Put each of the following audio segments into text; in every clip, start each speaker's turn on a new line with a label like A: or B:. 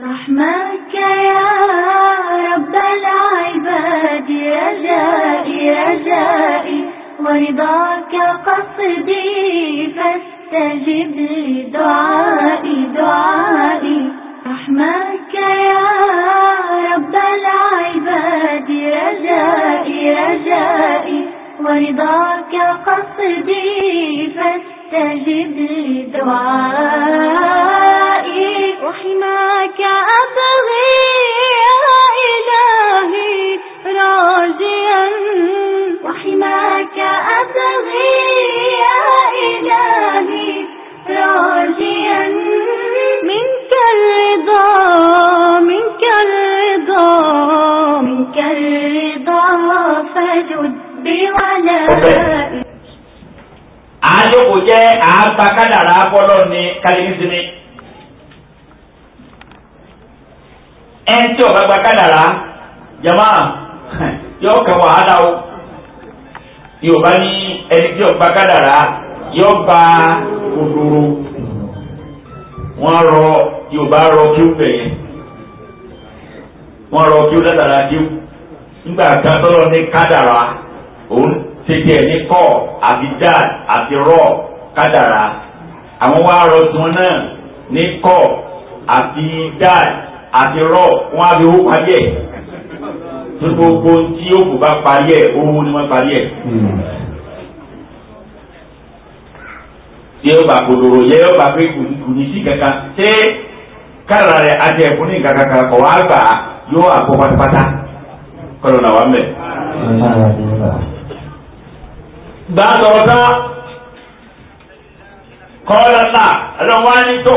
A: رحمك يا رب العباد رجائي رجائي ورضاك قصدي فاستجب لدعائي دعائي رحمك يا رب العباد رجائي رجائي ورضاك قصدي فاستجب لدعائي وحماك أبغي يا إلهي راجيا وحماك أبغي يا إلهي راجيا منك الرضا منك الرضا منك الرضا فجد بولائي
B: àálòkò jẹ́ àágbá kádàrá bọ́lọ́ ni kálífìsì ni. ẹn tí ọba gba kádàrá jama yóò kà wàhálà o bá ní ẹni tí ọba kádàrá yóò gba òdòrò wọn rọ yorùbá rọ kí ó bẹ̀yẹ wọn rọ kí ó dàdàrà kí ó nígbà kan tọ́lọ́ ní kádàrá òun tètè ẹ̀ ní kọ́ àti dad àti rọ kádàrá àwọn wa rọ tiwọn náà ní kọ́ àti dad. àti rọ wọn á fi owó parí ẹ̀ tó gbogbo tí òkú bá parí ẹ̀ owó ni wọ́n parí ẹ̀ tí hmm. ó bá kodoro yẹ ó bá pé kùnì sí kankan ṣé kára rẹ àti ẹ̀fún ní nǹkan kankan kọ̀ wá gbà yóò àpò pátápátá kọ́lọ̀ náà wà mẹ́. gbàdọ̀ọ́tà kọ́lọ́tà ẹ̀rọ wá ní tó.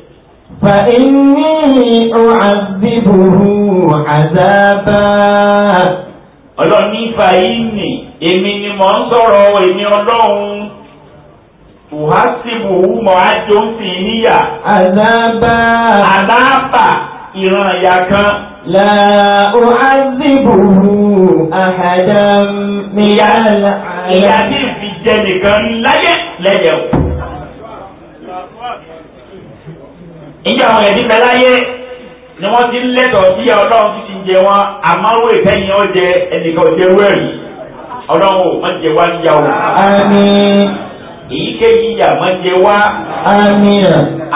B: فإني أعذبه عذابا ọlọ́run ní fàyínì èmi ni mò ń sọ̀rọ̀ èmi ọlọ́run tùhásìbù mọ̀ ájò sí níyà. àdábà. àdábà ìran ìyá kan. la uhazibu ahadam mi yàrá. ìyá tí ìfi nìkan láyé lẹ́yẹ̀ níjà àwọn ẹ̀dí bẹ láyé ni wọ́n ti ń lẹ́tọ̀ọ́ bí ọlọ́run ti ti jẹ wọn àmọ́wò ìtẹ́yìn ọ̀jẹ ẹnìkan ọ̀jẹ wẹ̀rì ọlọ́run ò wọ́n jẹ wá níjà o. èyíkéyìí ìyà wọ́n jẹ wá.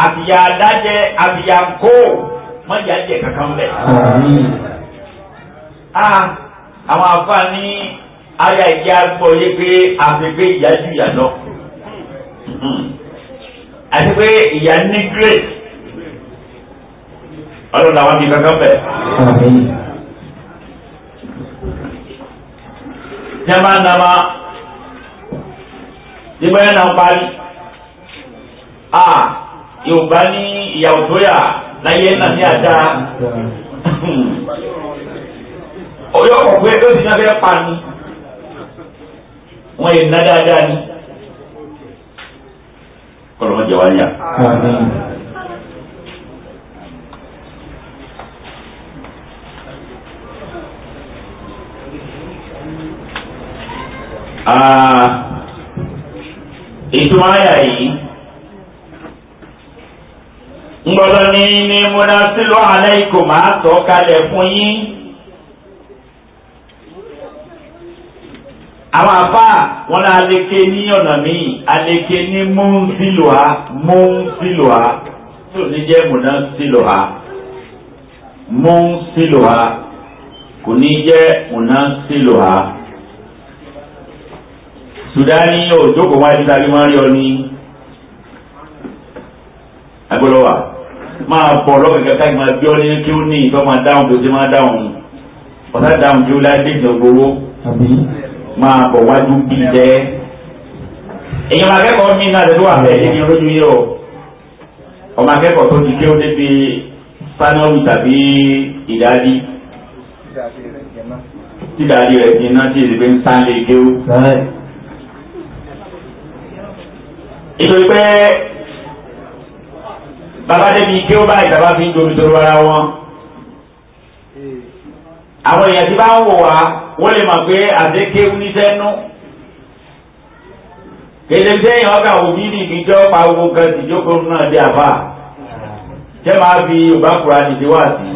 B: àbíyá adájẹ àbíyá kó wọ́n yà jẹ kankan bẹ̀. àmín. a àwọn ayé ìdí agbọ̀ yé pé àfẹ́fẹ́ ìyá ju ìyá lọ. Hmm. àti pé ìyá ní grace ọlọ́run àwọn ibi kankan bẹ̀. jẹ́mbà nàmà nígbà yẹn náà a yorùbá ní ìyàwó tó yà láyé náà ní àdá ọyọ ọ̀pẹ ó sì náà fẹ́ pa ni wọ́n yẹ ná dáadáa ni kọlọ́mọ jẹ wá ètò àyà yìí ń gbọ́dọ̀ ní ní múra sílọ alẹ́ ikò máa tọ́ kalẹ̀ fún yín àwọn àfà wọn náà aleke ní ọ̀nà míì aleke ní múnfìlùwà múnfìlùwà tó ní jẹ́ múná sílùwà múnfìlùwà kò ní jẹ́ múná sílùwà sudani òjókòó wáyé títa bí máa ń rí ọ ní agbọ́dọ̀ wa máa bọ̀ lọ́kẹ̀kẹ́ káyọ̀ máa bí ọ ní kí ó ní ìfẹ́ máa dáhùn tó ti máa dáhùn ọ̀tá dáhùn tí ó láyé dé ìtàn gbowó máa bọ̀ wájú bí jẹ́ èyàn máa kẹ́kọ̀ọ́ mi náà lẹ́nu àfẹ́ níbi olójú yìí o ọmọ akẹ́kọ̀ọ́ tó ti o ó débi pánọ́ọ̀lù tàbí ìdádí tí ìdádí rẹ̀ ti ná tí èdè pé ń sáńlé kéwú ètò pé bàbá débi kí ó báyìí bàbá fi ń domi toro ara wọn àwọn èèyàn tí bá ń wò wá wọ́n lè mọ̀ pé àdékéwu ní sẹ́nu kéde sẹ́yìn ọkà òbí ní ìgbìjọ́ pa owó kan tìjókòó náà dé àbá jẹ́ máa fi yorùbá kura nìdí wá sí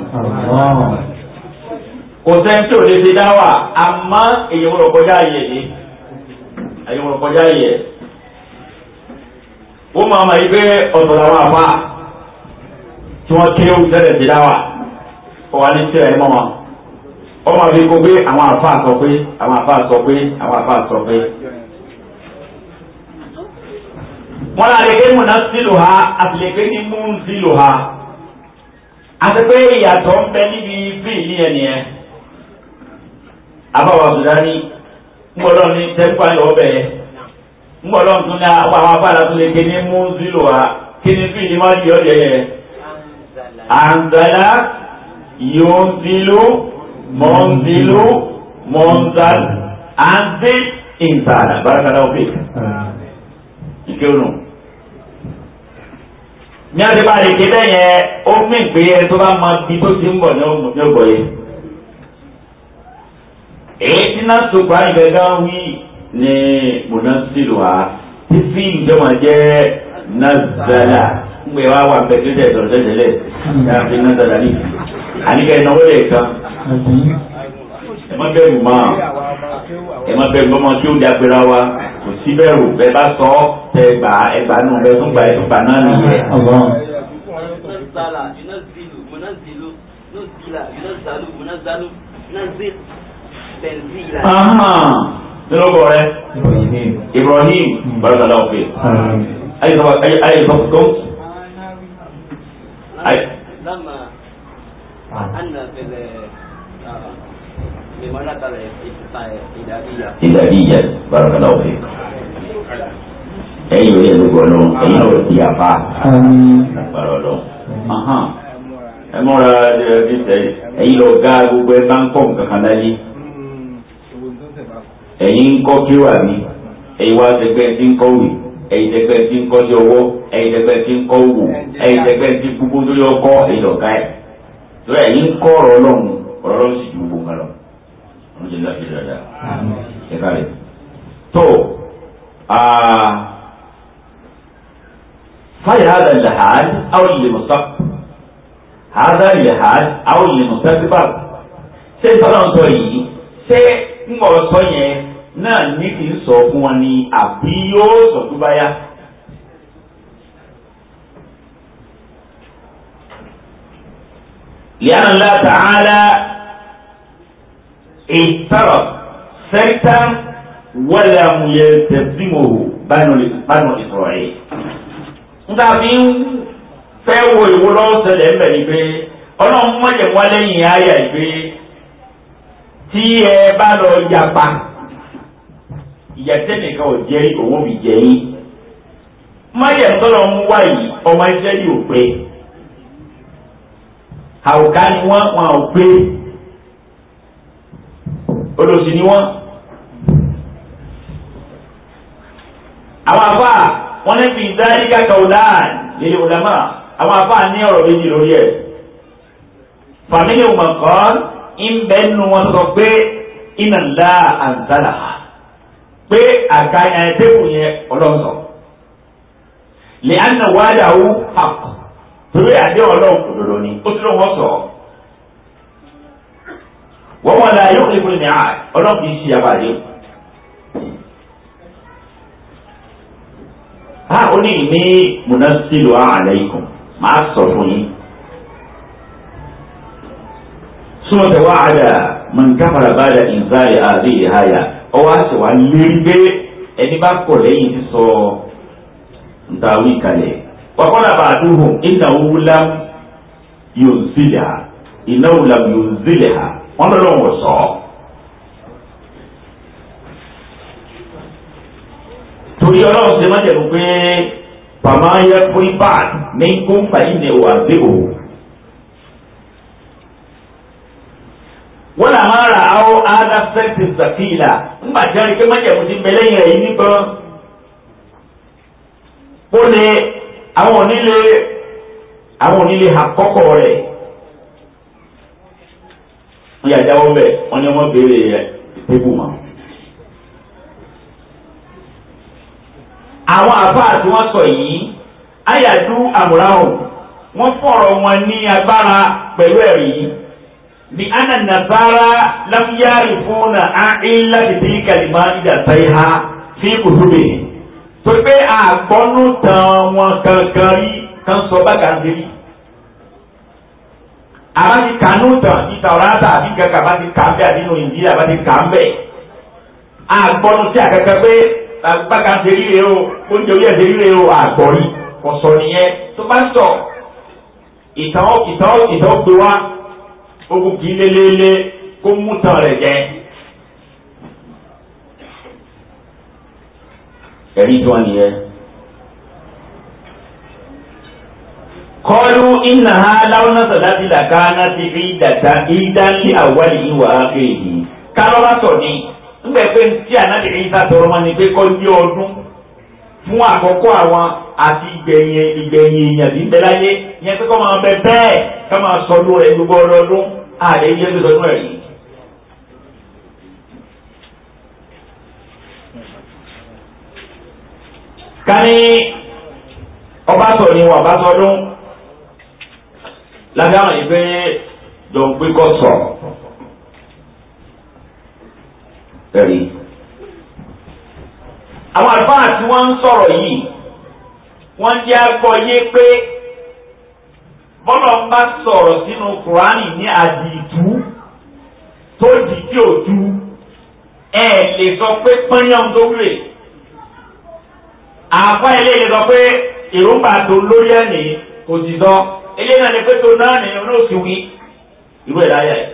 B: kò sẹ́ńtì ò lè ṣe dá wà àmọ́ èèyàn wọ̀rọ̀ kọjá yẹ̀ ni èèyàn wọ̀rọ̀ kọjá yẹ̀ ó máa ma yí pé ọ̀dọ̀ làwọn àfa tí wọ́n kí ó tẹ̀lẹ̀ sí dáwà ọ̀wá ní tí ẹ̀ mọ́ wọn ó máa fi kó pé àwọn àfa sọ pé àwọn àfa sọ pé àwọn àfa sọ pé. wọ́n lálẹ́ pé múná sílò ha àtìlẹ́ pé ní mú sílò ha àti pé ìyàtọ̀ ń bẹ níbi fíìlì yẹn nìyẹn abáwọ̀ sùdání ń gbọ́dọ̀ ní tẹ́gbà lọ́wọ́ bẹ̀yẹn ńgbọ́ lọ́n tún náà wọ́n àwọn afárá tún lè ké ní mú zílò wa kí ni fíìlì má di ọ̀dẹ̀ yẹn. àǹdàlá yóò zílò mọ̀nzílò mọ̀nzàl àǹdí ìǹtàlá bárakàlá òfin. ìkéwòn ní ọdún bá lè ké lẹ́yìn ó mí pé ẹ tó bá máa di tó ti ń bọ̀ ní ọgbọ̀ yẹn. èyí tí náà tó gbà ní munasiru wa fífi ìjọba jẹ́ nazala ń gbé wa wà bẹ́ẹ̀ tó jẹ́ sọ̀rọ̀ tẹ́tẹ́lẹ̀ yàrá fi nazala ní àníkẹ́ ìnáwó lè kan ẹ má bẹ̀rù mọ́ ẹ má bẹ̀rù mọ́ tí ó di agbèrè wa kò sí bẹ̀rù bẹ́ẹ̀ bá sọ tẹ gbà ẹ gbà nù bẹ́ẹ̀ tún gbà ẹ tún gbà náà nìyẹn. Aha. Siapa kau eh? Ibrahim. Ibrahim hmm. baru nak Ayat apa? Ayat ayat apa kau? Ayat. Lama. Ah. Anna bil ah, di mana tadi istilah idariyah? Idariyah baru nak lawak. Eh, ayo ya lukono, ayo siapa? Baru lo. Aha. Emora dia bisa. Ayo gagu gue tangkong ke kanan ini. ẹ̀yin ń kọ́ kíwà ni ẹ̀yin wá sẹgbẹ́ ti ń kọ́ wì ẹ̀yin sẹgbẹ́ ti ń kọ́ṣẹ́ ọwọ́ ẹ̀yin sẹgbẹ́ ti ń kọ́ wò ẹ̀yin sẹgbẹ́ ti kúkú tó yọ kọ́ ẹ̀yin ọ̀gá ẹ̀ tó ẹ̀yin ń kọ́ ọ̀rọ̀ ọlọ́run ọ̀rọ̀ ọlọ́run sì ju gbogbo lọ ọ̀rọ̀ jẹ́ lọ́ọ́ ṣe dáadáa ẹ̀ka rẹ̀ tó fáyà hàdà lẹ́hàd àwọn lè mọ̀ sáp hàdà lẹ́hàd àwọn lè mọ̀ sáp ṣé ìtọ́lá ń sọ yìí ṣé ń gbọ́ sọ yẹn náà ní kì í sọ fún wọn ni àbí yóò sọ tó bá yá. لأن الله تعالى اعترف سيتا ولم يلتزمه بنو إسرائيل. Nga fi ń fẹ́ wo ìwo lọ́wọ́ sẹlẹ̀ ń bẹ̀ ni pé ọlọ́run mọ̀jẹ̀ wá lẹ́yìn ayà ìgbé tí ẹ bá lọ yapa ìyàtẹ́nìkan ò jẹ́ owó mi jẹ́ yín máyẹ̀tọ́lọ̀ ń wá yìí ọmọ ìṣẹ́lì ò pé àwòká ni wọ́n wọn ò pé olóòsì ni wọ́n. àwọn afá wọn ní fi dáríkà kàwùdáàn lílé ọ̀dàmà àwọn afá ní ọ̀rọ̀ méjì lórí ẹ̀ fàmílì ọmọkàn ń bẹ́ẹ̀ nu wọn sọ pé iná ńlá àǹtálà pé àga ẹ̀ tẹ́kù yẹn ọlọ́sọ̀ lè á nà wá dàwú àpò torí àdé ọlọ́run òdòdó ni ó ti lọ́wọ́ sọ wọ́n wọn la yóò kéde fún mi à ọlọ́run kì í ṣe àbàdé. a ó ní ìmí múnásílò àlẹ́kùn máa sọ fún yín. sọ́dọ̀ wàhálà mọ̀nkàfàrà bá ìzáyà àbí ìháyà. ọwọ́ àti wà gbé ẹni bá kọ̀ lẹ́yìn ti sọ ntàwí kalẹ̀ bá àdúgbò iná wúlá yóò zílẹ̀ ha iná wúlá yóò zílẹ̀ ha wọ́n sọ. torí ọlọ́run ṣe má jẹ̀rù pé pàmáyé fún ibà ní kó ń sẹ́ǹtì sàkìlà ńgbà tí a rí pé májèmú ti bẹ lẹ́yìn rẹ̀ yìí nìkan. ó lè àwọn onílé àwọn onílé àkọ́kọ́ rẹ̀ wọ́n yà bẹ̀ wọ́n ní wọ́n béèrè tébù mọ́. àwọn àfáà tí wọ́n sọ yìí ayàdú àmúráhùn wọ́n fọ̀rọ̀ wọn ní agbára pẹ̀lú ẹ̀rí yìí ni ana nasara lam yarifuna a illa ti fi kalima ida sai ha fi kutube to pe a gbọnu tan wọn kankan rí kan sọ bá gàdé rí àbá ti kànú tàn ìta ọ̀rá ta àbí kankan bá ti kà ń bẹ àdínú ìdílé àbá ti kà ń bẹ a gbọnu sí pé bá gàdé rí o oúnjẹ orí ẹ̀dẹ̀ rí o àgbọ̀rí ọ̀sọ̀ nìyẹn tó bá ń ìtàn ìtàn ìtàn gbé wá. ó kú kí lélẹ́lẹ́ kó mú tán rẹ̀ jẹ. ẹ̀rí tí ha láwọn náà sọ̀dá ti là káná ti rí dàda ìdánlé àwálì ìwà áfẹ́ yìí kálọ́lá sọ̀ ni ńgbẹ́ pé tí ànábì ni fún àwọn àti ìgbẹ̀yìn ìgbẹ̀yìn yẹn kọ́ máa bẹ bẹ́ẹ̀ ààrẹ yẹ́ bí sọdún ẹ̀rí. ká ní ọba sọ ni wọn bá sọdún lábẹ́ àwọn yìí pé jọ ń gbé kọ́ sọ ẹ̀rí. àwọn àlùfáà tí wọ́n ń sọ̀rọ̀ yìí wọ́n jẹ́ àgbọ̀ pé bọ́lọ̀ ń bá sọ̀rọ̀ sínú kùránì ní àdìtú tó dì tí ò tú ẹ lè sọ pé pọ́nyán tó wúlò àfa ilé lè sọ pé èròǹgbà tó lórí ẹ̀nì kò sì sọ ilé náà lè pé tó náà ní olóòtú wí irú ẹ̀ láyà ẹ̀.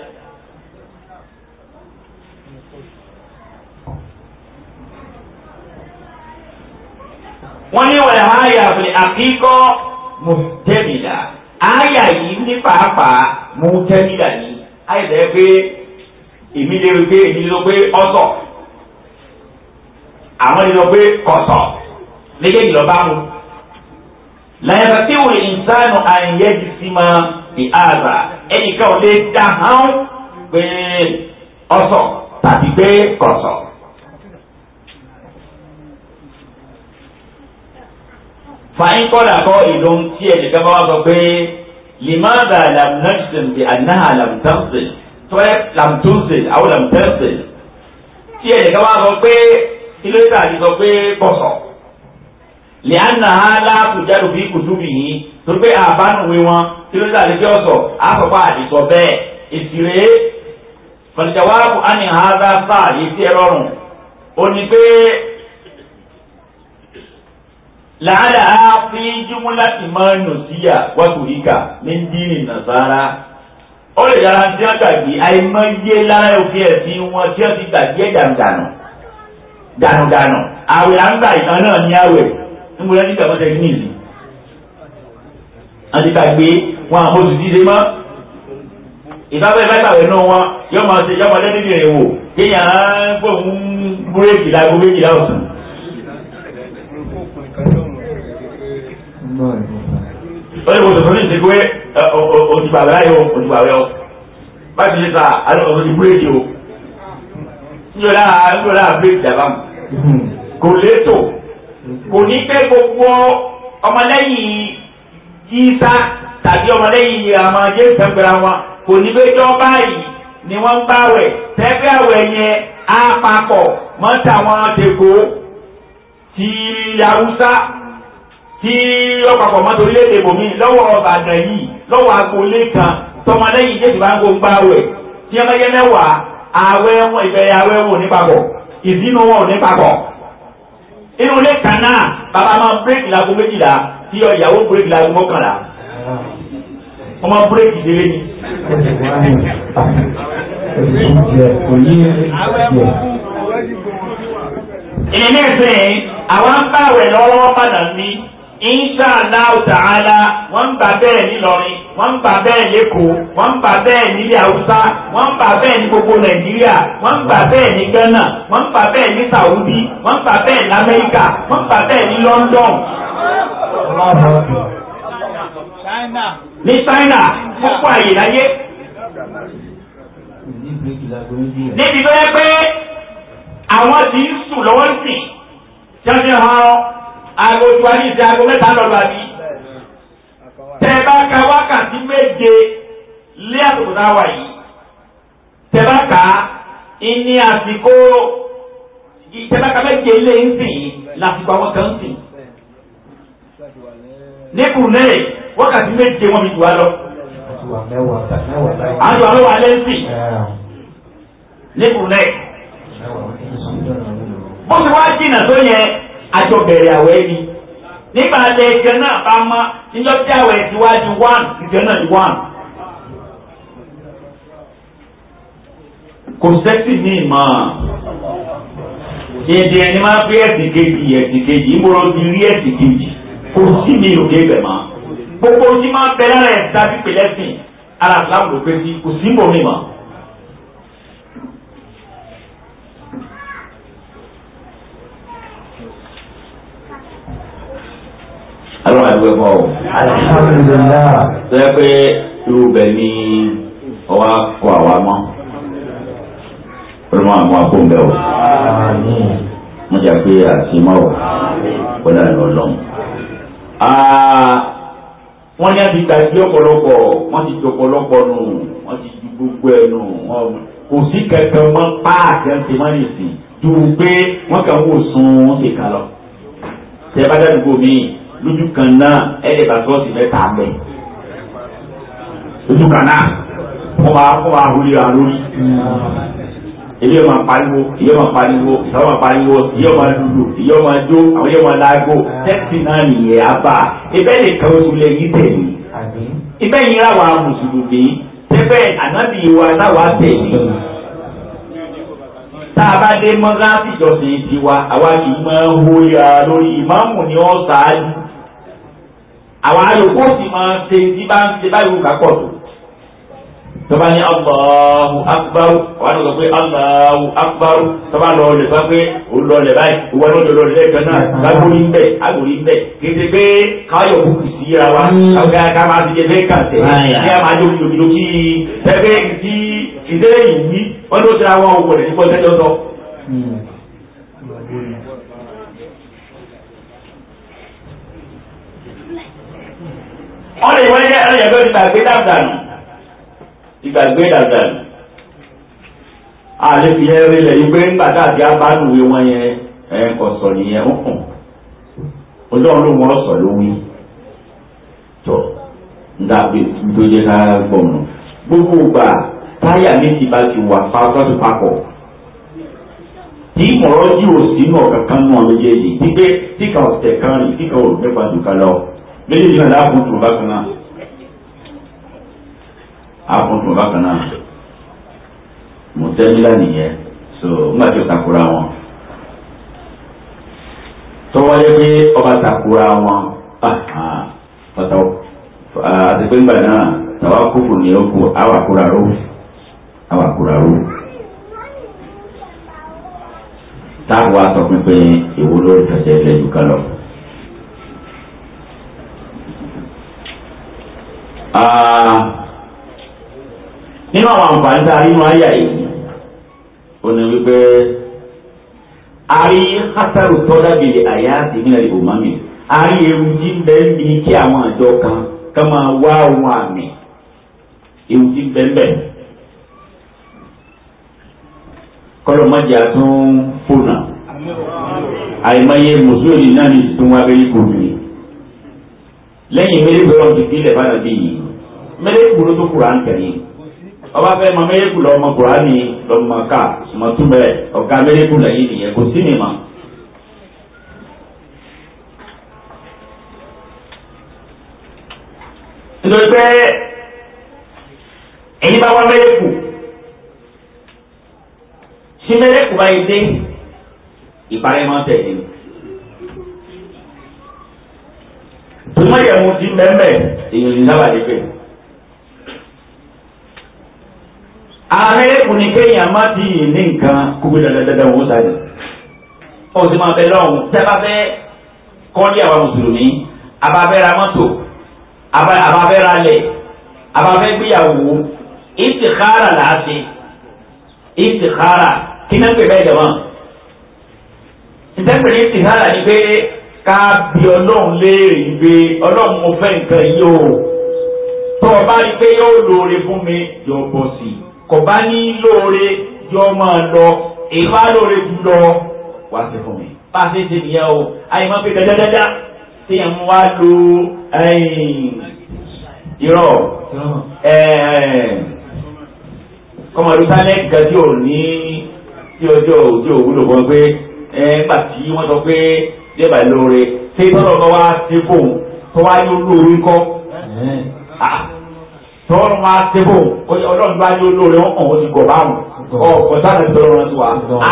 B: wọ́n ní wàlẹ̀ háyà àfìlẹ̀ àkíkọ́ mùtẹ́mìlá àyà yìí ní pàápàá mo tẹ́ nílà ní àyẹ̀dẹ̀ pé èmi lè pé èmi lè sọ pé ọ̀sọ̀ àwọn lè sọ pé kọ̀sọ̀ méjèèjì lọ bá mu. làyẹ̀fẹ̀ tí wò ìsánù àyẹ̀ ti sí ma fi àrà ẹnìkan ò lè dá hàn pé ọ̀sọ̀ tàbí pé kọ̀sọ̀. fàáyín kọ́lá kọ́ ìlú tí ẹnìkan bá wà sọ pé limaza lamnajsin bi annaha lamtansil tọ́lẹ̀ lamtansil àwọn lamtansil tí ẹnìkan bá sọ pé kílódé àti sọ pé kọ̀sọ̀ lẹ́yìnà aláàtújáde bí kùtùbì yìí torí pé àbánuwé wọn kílódé àti kí ọ̀sọ̀ àsọ̀pá àdìsọ bẹ́ẹ̀ ìsìrè fọlìjàwáàbù àníhàdá sáà yìí tí ẹ ó ní pé làálà á fi jumla mọ́nù síyà wákùríkà ní dínì nàzára. ó lè yára tí wọ́n gbàgbé àìmọye lára òfin ẹ̀sìn wọn tí wọ́n ti gbàgbé dànùdànù dànùdànù àwẹ̀ àǹgbà ìtàn náà ní àwẹ̀ níbo lẹ́ni gbàgbọ́ tẹ̀ ní ìlú. wọ́n ti gbàgbé wọn àmọ́ oṣù dídé mọ́ ìbáwẹ̀ báyìí nù wọn yọmọ lẹ́ni bìrẹ̀ wò kéèyàn gbóhùn búrẹ́kì lágbo méjìlá ọ̀sán. lórí
C: mo
B: sọ̀rọ̀ ní ìṣe pé òtùbà rẹ̀ o òtùbà rẹ̀ o bá ti ṣe ta àwọn ọ̀dọ́ ti búrẹ́dì o níjọba níjọba búrẹ́dì dàbà mu kò létò kò ní pẹ́ gbogbo ọmọlẹ́yìn yíṣá tàbí ọmọlẹ́yìn àmọ́ jésù tẹ́gbẹ̀rẹ̀ wọn kò ní pẹ́ báyìí ni wọ́n ń báwẹ̀ tẹ́gbẹ̀ àwẹ̀ yẹn á papọ̀ mọ́tàwọn tẹ̀kọ́ ti haúsá tí ọ̀pọ̀pọ̀ mọ́tò orílẹ̀-èdè bòmí lọ́wọ́ ọ̀bàdàn yìí lọ́wọ́ agboolé kan tọmọlẹ́yìn jẹ́sì bá ń gbó ń gbá wẹ̀ tí ẹmọ yẹn mẹ́wàá àwẹ̀ wọn ìbẹ̀rẹ̀ àwẹ̀ wọn ò ní papọ̀ ìdínú wọn ò ní papọ̀. inú ilé kan náà bàbá máa ń bírèkì láago méjìlá tí ìyàwó bírèkì láago mọ́kànlá wọ́n máa ń bírèkì délé ni. ìní ìsìn àwọn ń bá àwẹ̀ lọ́wọ́ insha allah ta'ala wọn gbà bẹ́ẹ̀ nílọrin wọn gbà bẹ́ẹ̀ lẹ́kọ̀ọ́ wọn gbà bẹ́ẹ̀ nílẹ̀ haúsá wọn gbà bẹ́ẹ̀ ní gbogbo nàìjíríà wọn gbà bẹ́ẹ̀ ní ghana wọn gbà bẹ́ẹ̀ ní saudi wọn gbà bẹ́ẹ̀ ní amẹ́ríkà wọn gbà bẹ́ẹ̀ ní london. ní china púpọ̀ àyè láyé. níbi tó yẹ pé àwọn ti ń sùn lọ́wọ́ sí jẹ́ fi hàn án. aago tí wàá ní ìsìn aago mẹ́ta lọ́dọ̀ àbí. tẹ lé àtòkò tá a yìí tẹ ka ìní àsìkò tẹ lé ń làsìkò àwọn kan ń wákàtí méje wọn mi wá lọ. àjọ àlọ́ wà lẹ́sìn bó ti àjọ bẹ̀rẹ̀ àwẹ̀ ni nígbà tẹ ìjọ náà bá mọ níjọ́ tí àwẹ̀ ti wá di one ìjọ náà di one. kò sẹ́sì ní ìmọ̀ èdè ẹni máa gbé ẹ̀sìn kejì ẹ̀sìn kejì ìmúra ti rí ẹ̀sìn kejì kò sí mi ò dé ibẹ̀ mọ́ gbogbo ojú máa ń bẹ lára ẹ̀ pé kò sí mbọ̀ mọ́. alọ́run àdúgbò ẹ̀kọ́ o. alhamdulilah. tó yẹ pé irú bẹ̀ ni ọwọ́ akọ àwa mọ́ olùmọ̀ àwọn akóńbẹ́ o. wọ́n jà pé àti mọ́ o wọ́n náà lọ lọ́hùn. wọ́n ní àti gbàgbé ọ̀pọ̀lọpọ̀ wọ́n ti ju ọ̀pọ̀lọpọ̀ nù wọ́n ti ju gbogbo ẹ̀ nù kò sí kankan mọ́ páàkì ẹ̀ ń tẹ̀ mọ́ nìsín ju pé wọ́n kàn ń wò sùn ó ti kà lọ. tẹ́ bá dàdúgbò míì lójú kan náà ẹ̀ẹ́dẹ̀ bá sọ́ọ̀sì mẹ́ta mẹ́ lójú kan náà wọ́n máa wọ́n máa wuli ra lórí ilé máa pariwo ilé máa pariwo ìsáwọ́ máa pariwo ilé máa lulu ilé máa jó àwọn ilé máa láago tẹ́tì náà nìyẹn abá ibẹ̀ nìkan oṣù lè yí tẹ̀lé ibẹ̀ yìí ra wa mùsùlùmí tẹ́fẹ́ ànábì wa táwa tẹ̀lé tá a bá dé mọ́sáàsì ìjọsìn tiwa àwa kì í máa ń hó ya lórí ìmáàmù ni ó ṣáájú àwọn àlòkù sì máa ṣe tí bá ń ṣe báyìí òkà pọ̀ tó tọ́ba ní Allahu Akbar wà ló sọ pé Allahu Akbar tọ́ba lọ lè sọ pé ó lè báyìí ìwọ ló lọ lè kan náà lágbórí ń bẹ̀ agbórí ń bẹ̀ kété pé káyọ̀ kú kù sí ara wa káwé ká máa ti jẹ fẹ́ kà tẹ̀ kí a máa jó kìlókìló kí tẹ́gbẹ́ kí ìdẹ́rẹ́ yìí wọ́n ló ti ra wọn òwò rẹ̀ wọ́n lè wọ́n lé ọ̀rẹ́ yẹn gbàgbé dàdànù ìgbàgbé dàdànù. àlè fi yẹn rí lẹ̀ yìí pé ńgbà dàbí abánúwe wọn yẹn ẹ̀ kọ̀ sọ nìyẹn ń kùn ọlọ́run ló wọ́n sọ ló wí tọ̀ ńdàgbé ńdóye ká gbọ̀nà gbogbo gbà táyà méjì bá ti wà fáfọ́tò papọ̀ tí mọ̀rọ́jú òsínú ọ̀kankan náà méjèèjì pípé tí kan ọ̀sẹ̀ kan rìn tí kan ò nípa jù kan lọ méjèèjì náà dákun tó bákan náà àkun tó bákan náà mọ̀tẹ́lá nìyẹn so ńgbà tí ó takora wọn tọ́wọ́lé pé ọba takora wọn ah, ah. Ah, àti pé ńgbà náà tàwa kúkú ní ọkù awàkúra ró awàkúra ró táwọn asọ̀pin pé ìwúlò ìfẹsẹ̀ ilẹ̀ yìí kan lọ. nínú àwọn àǹfààní tá a rí inú ayà yìí ó ní wípé a rí hátàrù tọ́lá bìrì àyà a rí ewu tí ń bẹ́ẹ̀ ní kí àwọn àjọ kan ká máa wá ohun àmì ewu tí ń bẹ́ẹ̀ bẹ́ẹ̀ kọ́lọ̀ mọ́jà tún fònà àìmọye mùsùlùmí náà ní tuntun wá bẹ́ẹ̀ kò ní lẹ́yìn mẹ́lẹ́kù ló tó kura ń tẹ̀lé ọba fẹ́ mọ mẹ́lẹ́kù lọ ọmọ kura ni lọ́mọ ká sùmọ́túmẹ́ ọ̀gá mẹ́lẹ́kù lẹ́yìn nìyẹn kò sí mi mọ́. nítorí pé ẹ̀yin bá wá mẹ́lẹ́kù sí mẹ́lẹ́kù báyìí dé ìparí máa tẹ̀lé tòmọ́yẹ̀mú ti mẹ́mẹ́ èèyàn ní sábà dé pé. ààrẹ kò ní kéèyàn má ti yìn ní nǹkan kó gbé dandandandan owó sáyẹ ọ̀sìn máa bẹ lọ́hùn tẹ́ bá fẹ́ kọ́lé àwa mùsùlùmí abafẹ́ra mọ́tò abafẹ́ra lẹ̀ abafẹ́ gbéyàwó ìtìkára là á ṣe ìtìkára kí náà pè bẹ́ẹ̀ dẹ̀ wọ́n ìtẹ́pẹ̀lẹ́ ìtìkára ni pé ká bi ọlọ́run léèrè ìgbé ọlọ́run mo fẹ́ nǹkan yìí o tó o bá rí pé yóò lóore fún mi yóò bọ̀ sí i kò bá ní lóore yọ máa lọ èyí bá lóore jù lọ wá sí fún mi bá a ṣe ṣe nìyẹn o àyè máa fi dájádájá tí yẹn mú wá lo irọ́ kọ́mọdún sálẹ̀ nǹkan tí ò ní tí ọjọ́ òjò òwúlò kan pé nígbà tí wọ́n sọ pé débà lóore ṣé tọ́lọ́ kan wá sí fóun tó wá yóò lóore kọ́ tọ́wọ́n máa ṣe bò ọlọ́run bá yóò lóore wọn kàn ó ti gọ̀ báwọn ọ̀pọ̀ sáà ti bẹ̀rẹ̀ ọ̀rọ̀ tiwa.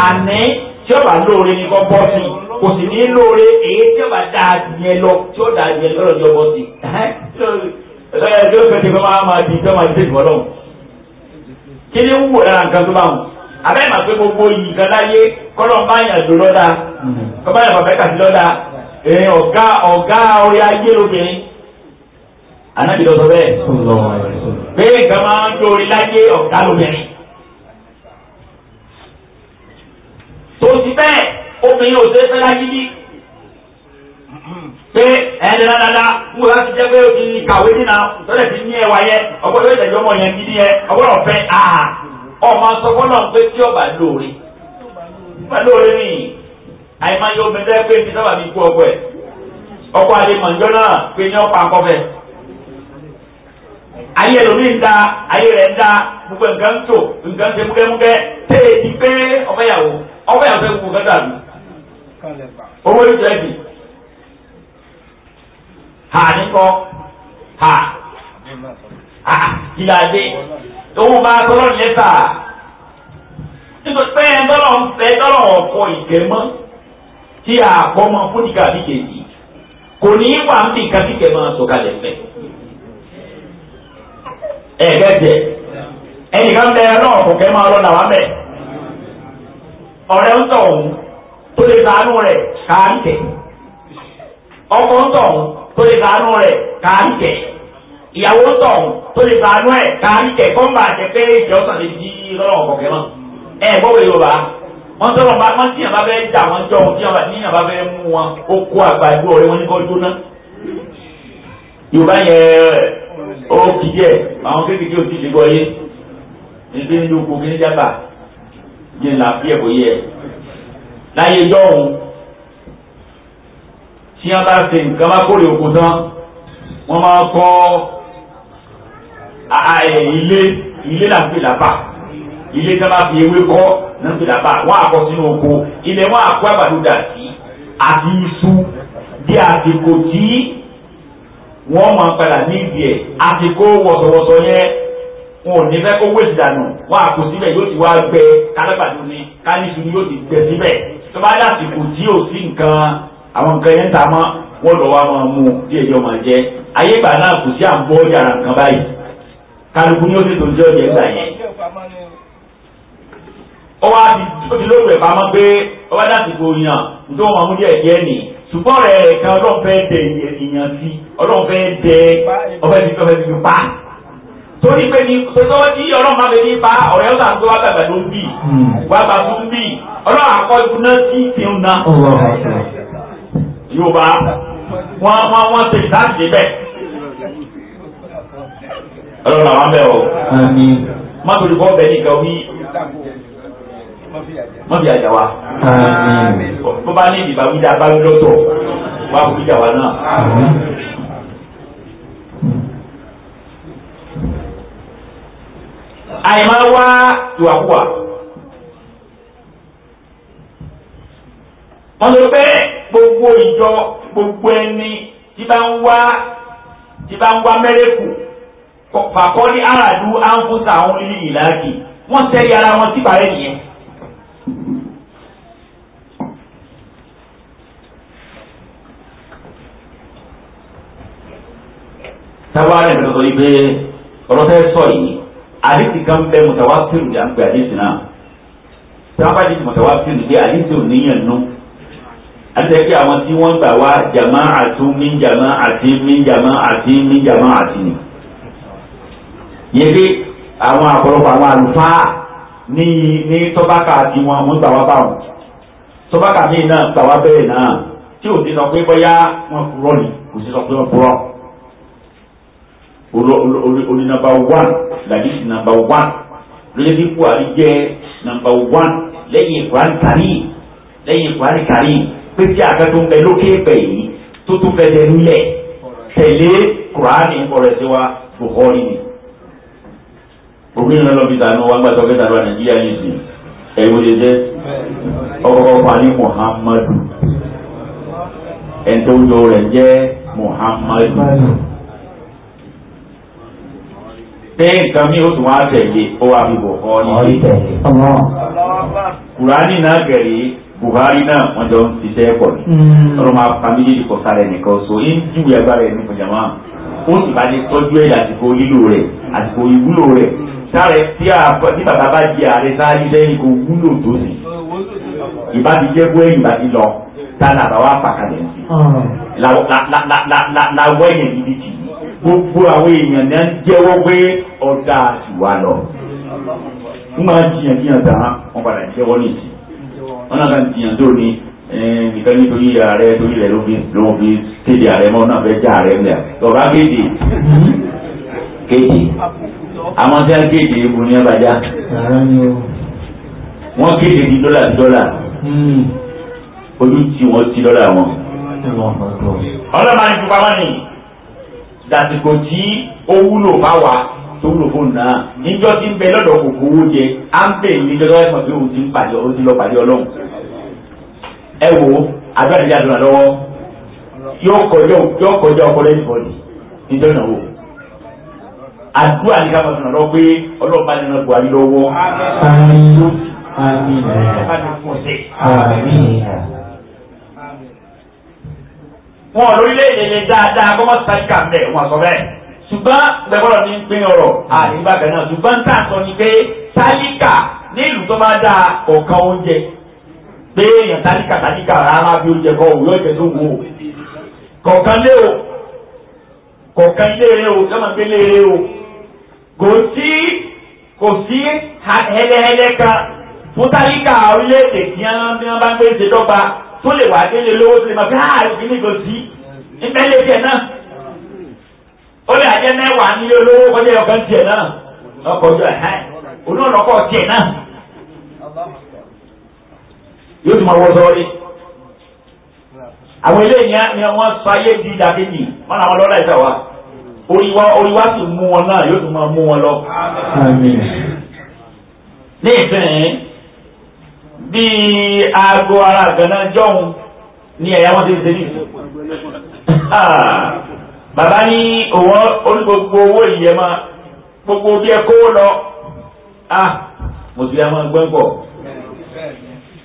B: àní tí ó bá lóore ní kọ́ bọ́ sí kò sì ní lóore èyí tí ó bá dá yẹn lọ tí ó dá yẹn lọ́rọ̀ yọ bọ́ sí. lọ́yà tí ó fẹ́ẹ́ fẹ́ máa máa di ìjọba ìdílé ìwọ lọ́wọ́. kí ni wúwo lára nǹkan tó bá wọn. abẹ́ mà pé gbogbo yìí nǹkan láyé kọ́lọ́ báyàn lò anábì lọ sọ bẹ́ẹ̀ pé nǹkan máa ń Tosi láyé ọ̀gá lóbìnrin tó ti bẹ́ẹ̀ la ò sẹ́fẹ́ láyé bí pé ẹni dáadáa wúwo láti jẹ́ pé òkè kàwé nínà tọ́lẹ̀ ti ní ẹwà yẹ ọgbọ́dọ̀ ìtẹ̀jọ́ ọmọ yẹn gidi yẹ ọgbọ́dọ̀ fẹ́ àhà ọmọ sọgbọ́nà pé tí ọba lóore ọba lóore nìyí àyè máa yọ obìnrin tẹ́ pé ibi sábà mi kú ọkọ ẹ̀ ọkọ àlè mọ̀jọ́ náà pé ní ọ̀pá ayé lomi ń da ayé rẹ̀ ń da gbogbo nǹkan tó nǹkan ṣe múkẹ́múkẹ́ tẹ́ ẹ ti pé ọ̀fẹ́yàwó ọ̀fẹ́yàwó fẹ́ gbogbo nǹkan dàbí owó ìjọ ẹ̀bì ha nìkọ́ ha ha ìlà dé
C: owó bá tọ́lọ́
B: lẹ́tà nítorí pé ẹ tọ́lọ̀ ń fẹ́ tọ́lọ̀ ọ̀kọ́ ìkẹ́mọ́ tí a kọ́ mọ́ fún ìkàbíkèjì kò ní í wà ń bí ìkàbíkẹ́ máa sọ̀kalẹ̀ fẹ́ ẹ̀ẹ́dẹ́gbẹ̀ ẹnìkan tẹ́ra náà kò kẹ́ máa lọ làwọn mẹ́ ọ̀rẹ́ ń tọ̀ ọ̀hún tó lè sàánú rẹ̀ kà á ń tẹ̀ ọkọ ń tọ̀ ọ̀hún tó lè sàánú rẹ̀ kà á ń tẹ̀ ìyàwó ń tọ̀ ọ̀hún tó lè sàánú ẹ̀ kà á ń tẹ̀ kọ́ńbà jẹ́ pé ìjọsìn lè di lọ́wọ́ kọ̀kẹ́ náà ẹ̀ gbọ́ wẹ̀ yorùbá wọ́n tọrọ bá wọ́n tíyàn bá fẹ́ dà wọ́n jọ wọn tíyàn bá níyàn bá fẹ́ mú wọn ó kó àgbàdo ọ̀rẹ́ wọn ní kọ́ jóná yorùbá yẹn ó kì í yẹ àwọn kékeré ò ti ṣe gbọ́ yé nígbà nínú oko kí ní jábà ní làáfíà kò yẹ láyé ìjọ òun tí wọn bá ṣe nǹkan bá kórè oko tán wọn máa kọ́ ilé ilé làǹfẹ làbà ilé tí wọn bá fi ewé kọ́ làǹfẹ làbà wọn àkọ sínú oko ilẹ̀ wọn àkọ àbàdo dà sí àti iṣu bí àsìkò tí wọ́n máa padà ní ìdí ẹ̀ àsìkò wọ̀sọ̀wọ̀sọ̀ yẹn wọn ò ní fẹ́ kó wéèsì dànù wọn àpò síbẹ̀ yóò ti wá gbẹ kálábàdú ni káníṣu ni yóò ti gbẹ síbẹ̀ tó bá dàsìkò tí ò sí nǹkan àwọn nǹkan yẹn ń ta mọ́ wọ́n lọ́ wá máa mú díẹ̀ yọ máa jẹ́ ayé ìgbà náà kò sí à ń bọ́ yàrá nǹkan báyìí kálukú ni ó sì tó jẹ́ ọ̀jẹ̀ ńgbà yẹn ọwọ́ àti ó ti lóògùn ẹ̀fà máa gbé ọwọ́ dàsìkò yàn nítorí wọn mú díẹ̀ díẹ̀ nì ṣùgbọ́n rẹ̀ ẹ̀ka ọlọ́ọ̀fẹ́ dẹ̀ ìyàn sí i ọlọ́run fẹ́ dẹ ọfẹ́ fi ọfẹ́ fi pa torí pé ní tọ́jọ́ tí ọlọ́run máa bẹ ní pa ọ̀rẹ́ ó sàn tó wá gbàgbà ló ń bì hmm. wá gbà tó ń bì ọlọ́run àkọ́jú náà sí ìpinnu náà yóò bá wọn wọn wọn ṣe ìdáǹdè bẹ́ẹ̀ ọlọ́run àwọn bẹ̀ ọ́ má torí kọ́ bẹ̀ nìkan wí má fi àjà wa bó bá ní ìdìbò àwùjá bá lọ́tọ̀ wá àwùjá wa náà. àyèmá wá ìwàkuwà. wọ́n sọ pé gbogbo ìjọ gbogbo ẹni tí bá ń wá tí bá ń wá mẹ́rẹ́kù fàkọ́ ní aráàlú áńfúsà àwọn lílì ìlàkì wọ́n sẹ́yìn ara wọn síbàárẹ̀ nìyẹn. tábàárẹ̀ ló sọ yìí pé ọ̀rọ̀ sọ yìí àdìsí kan bẹ mùtàwáfíìrù dà ń pè àdìsí náà sábàdì mùtàwáfíìrù dé àdìsí ò níyàn nù àtẹ̀kí àwọn tí wọ́n gbà wá jàmá àtún mí jàmá àti mí jàmá àti mí jàmá àti ni. yẹ́dẹ́ àwọn àpọ̀lọpọ̀ àwọn àlùfáà ní ní tọ́bákà tí wọ́n mú gbà wá báwọn tọ́bákà míì náà gbà wá bẹ́ẹ̀ náà tí ò sí sọ pé bóyá wọ́n kúrọ́ ni kò sí sọ pé wọ́n kúrọ́ olú nàmbà wán làdísì nàmbà wán lóye bí buhari jẹ́ nàmbà wán lẹ́yìn ìkùrán kárí lẹ́yìn ìkùrán kárí pé tí àgbẹ̀ tó ń bẹ lókè bẹ̀ yìí tó tún fẹ́ bẹ nílẹ̀ tẹ̀lé kùránì ọ̀rọ̀ ẹ̀sẹ̀ wa bùhọ́rì ni. obìnrin náà lọ bí tànú wa gbàtọ́ kẹta lọ nàìjíríà yìí sí ẹ̀wọ̀n lè jẹ́ ọkọ̀ wa ní muhammadu ẹ̀ńtọ́jọ́ rẹ̀ jẹ́ muhammadu pé nǹkan mi ò tún wá tẹ̀lé ó wá fi bọ̀ ní ilé. kùránì náà gẹ̀rẹ́ buhari náà wọ́n jọ ń ṣiṣẹ́ pọ̀ ní. ọlọ́mọ afamílì kọ sálẹ̀ nìkan so ń júwe agbára ẹ̀ nípa jàmá ó sì bá ní tọ́jú ẹ̀ àsìkò lílo rẹ̀ àsìkò ìwúlò rẹ̀ sáré tí bàbá bá di ààrẹ sáájú lẹ́yìn kò wúlò tó sì ìbá ti jẹ́ bó ẹ̀yìn bá ti lọ tá làbá wà pàkàlẹ̀ sí gbogbo àwọn èèyàn náà ń jẹ́wọ́ pé ọ̀dà àṣìwà lọ. wọ́n máa ń jiyàn jiyàn tà wọ́n padà jẹ́wọ́ nìyí. wọ́n náà kàn jiyàn tó ní nìkan nítorí ààrẹ torí rẹ̀ ló fi kéde ààrẹ mọ́ náà fẹ́ já ààrẹ mẹ́à lọ́ba kéde kéde àmọ́ tí wọ́n kéde ibu ní abajá wọ́n kéde ní dọ́là dọ́là hmm. ojú tí wọ́n ti dọ́là wọn. ọlọ́ba ní fipá wọn nìyí lásìkò tí ó wúlò fáwa tó wúlò fóun náà níjọ́ tí ń bẹ lọ́dọ̀ kò fowó jẹ á ń bè níjọ́ tó ẹ̀sán pé òun ti ń pàdé òun ti lọ pàdé ọlọ́run. ẹ wo àdúrà níjà dùnà lọ́wọ́ yóò kọjá ọpọlọ ìfọ̀dì níjọ́ náà wò àdúrà ní káfà sọ̀rọ̀ lọ pé ọlọ́ọ̀bá nínú buhari lọ́wọ́. àmín àmín àmín wọn ò lórílẹ̀-èdè yẹn dáadáa kọ́mọ́ sáríkà ń bẹ̀ wọn sọ bẹ́ẹ̀ ṣùgbọ́n gbẹ̀gbọ́dọ̀ ní pín ọ̀rọ̀ àdìgbà kan náà ṣùgbọ́n tá a sọ ni pé sáríkà nílùú tó bá dáa ọ̀kan oúnjẹ pé èèyàn sáríkà sáríkà rárá bí oúnjẹ kọ òwúrọ̀ ìjẹ tó wù ú kọ̀ọ̀kan lé o kọ̀ọ̀kan léere o yọmọ pé léere o kò sí kò sí hẹlẹhẹlẹ kan fún sáríkà orílẹ̀ tó lè wà délé lówó tó lè máa fi hà ah, ìdílé kò sí ìpẹ́lẹ̀ tiẹ̀ náà ó lè àjẹ́ mẹ́wàá nílé olówó kọjá ọ̀kan tiẹ̀ náà ọkọ̀ ojú ẹ̀ onúọ̀lọ́kọ̀ tiẹ̀ náà yóò tún máa wọ sọ́ọ́rí àwọn eléyìí ni wọ́n sọ ayé di dàbí nì wọ́n làwọn lọ́dà ìta wa oríwá oríwá sì mú wọn náà yóò tún máa mú wọn lọ. ní ìsìn bíi aago ara gànà jọ́hún ní ẹ̀yà wọn ti sẹ́yìn. Ah, bàbá ní òwò onígbogbo owó ìyẹn ma gbogbo bí ẹ kó lọ ah, mùsùlùmí a gbọ́n pọ̀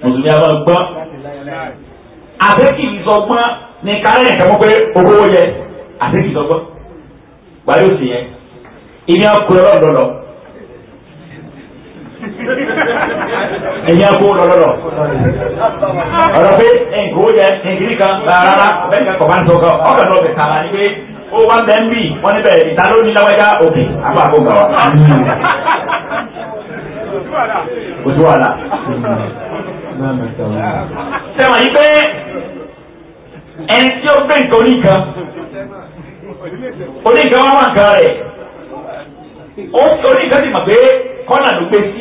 B: mùsùlùmí a gbọ́n. mọ́ pé owó yẹ àtẹ́kì wáyé òsì yẹn ìní ọkùnrin
C: ẹ̀yìn akó lọ́lọ́lọ́
B: ọ̀rọ̀ pé nǹkan ó jẹ nǹkan kan rárá bẹ́ẹ̀ kan kọ̀ máa ń sọ kan ọ̀gá lọ bẹ̀ tààrà ni pé ó wá bẹ́ẹ̀ ń bì wọ́n níbẹ̀ ìta ló ní lọ́wọ́dá òkè àbá àkó gbà wá. kò sí wàhálà. sẹ́wọ̀n yìí pé ẹni tí ó gbé nǹkan oníkan oníkan wọn wà nǹkan rẹ̀ oníkan ti mọ̀ pé kọ́nà ló gbé sí.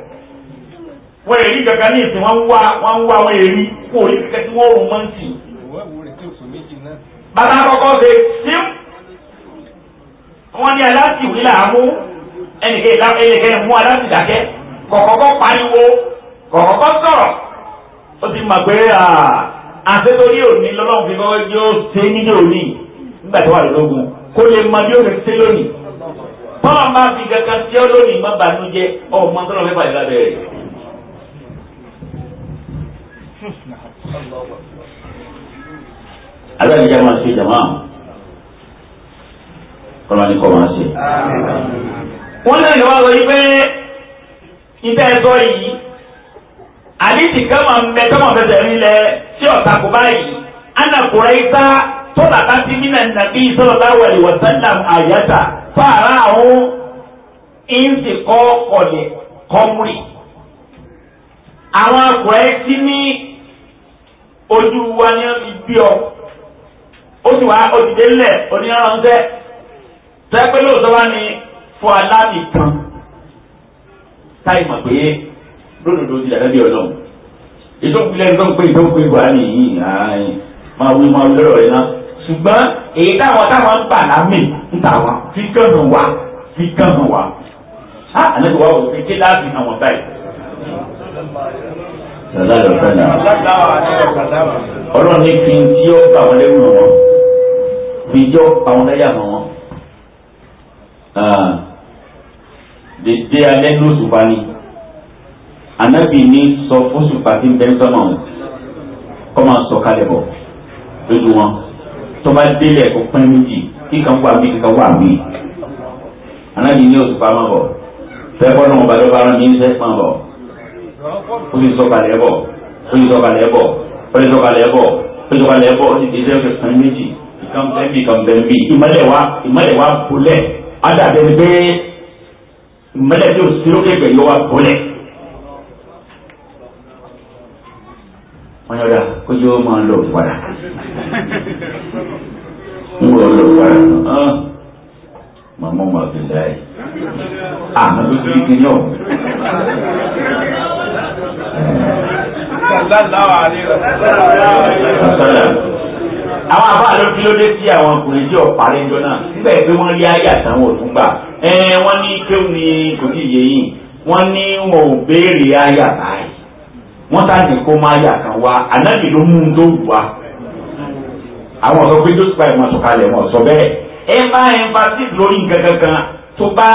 B: wọ́n èrí kankan ní ìsìn wọ́n wá wọ́n wá wọ́n èrí kó orí kankan tí wọ́n rò máa ń tì. bàbá àkọ́kọ́ ṣe ṣí wọ́n ní aláṣìwí làámú ẹnìkẹ́ mú aláṣìdàkẹ́ kọ̀kọ́kọ́ pariwo kọ̀kọ́kọ́ sọ̀rọ̀ ó ti mà pé àṣetorí òní lọ́lọ́run fi kọ́kọ́ yóò ṣe nílé òní nígbà tó wà lógun kó lè mọ bí ó lè ṣe lónìí. bọ́lá máa fi kankan ṣe ọ́ lónìí má bàánú jẹ́ ọmọ tó lọ fẹ́ pàdé lábẹ́ rẹ̀ alábìyá máa ṣe jàmá kọ́lá ní kọ́ máa ṣe. wọ́n lè lọ́wọ́ lọ yí pé níta ẹ̀tọ́ yìí àdìsí kan máa ń bẹ tó máa fẹsẹ̀ nílẹ̀ tí ọ̀tá kò báyìí ánàkùnrin ìta tọ́lá ká sí nínà nàbí sallallahu alaihi wasallam àyàtà fàárà àwọn ìǹsì kọ́ ọ̀lẹ̀ kọ́mùrì àwọn akùnrin sí ní ojú wa ni wọn fi gbé ọ ó sì wá òdìdé ńlẹ̀ onírànṣẹ́ tẹ́pẹ́ lóòótọ́ wá ní fún aláàbì kan táì mọ̀ pé lódodo ti dàgbà bí ọlọ́run ìdókòlẹ̀ ìdókòlẹ̀ ìdókòlẹ̀ wà nìyí ààyè máa wí máa wí lọ́rọ̀ rẹ̀ náà ṣùgbọ́n èyí táwọn táwọn ń gbà lámì ń tà wá fi kànnà wá fi kànnà wá. á àlejò wa ò fi kí láàbì àwọn báyìí sàlàyé ọ̀sánà ọlọ́run ní kí n tí ó bá wọn lẹ́rù wọn fi jọ́ àwọn lẹ́yà mọ́ wọn. dèdè alẹ́ ló sùpá ni anábì ní sọ fún sùpá tí ń bẹ́ sọ́mà wọn kọ́ máa sọ kalẹ̀ bọ̀ lójú wọn tó bá délẹ̀ kó pín méjì kíkan wà mí kíkan wà mí anábì ní òsùpá máa bọ̀ fẹ́ bọ́ lọ́wọ́ bá lọ́ba rán mi ń sẹ́ máa bọ̀ olùsọ̀kalẹ̀ bọ̀ olùsọ̀kalẹ̀ bọ̀ olùsọ̀kalẹ̀ bọ̀ olùsọ̀kalẹ̀ bọ̀ ó ti di iṣẹ́ fẹ̀sán méjì ìkan bẹ́ẹ̀ bí ìkan bẹ́ẹ̀ bí ìmọ̀lẹ̀ wa ìmọ̀lẹ̀ wa bolẹ̀ ádàbẹ̀ pé ìmọ̀lẹ̀ tó sírókè pẹ̀lú wa bolẹ̀. wọ́n yọ̀dà kójú ó máa ń lọ padà ń lọ lọ padà màmá ọmọ àbẹ̀dá yìí àmọ́ tó ti kí àwọn àbá ló kí ló dé sí àwọn ọkùnrin tí ọ̀pá lẹ́jọ́ náà nígbà pé wọ́n rí ayé àtàwọn òtún gbà wọ́n ní kéwù kò ní ìyè yìí wọ́n ní wọn ò béèrè ayé wọ́n tàbí kó máa yà kan wá ànábì ló mú un wù wá àwọn ọ̀sọ́ pé wọn bẹ́ẹ̀ ẹ bá ẹ bá sí tó bá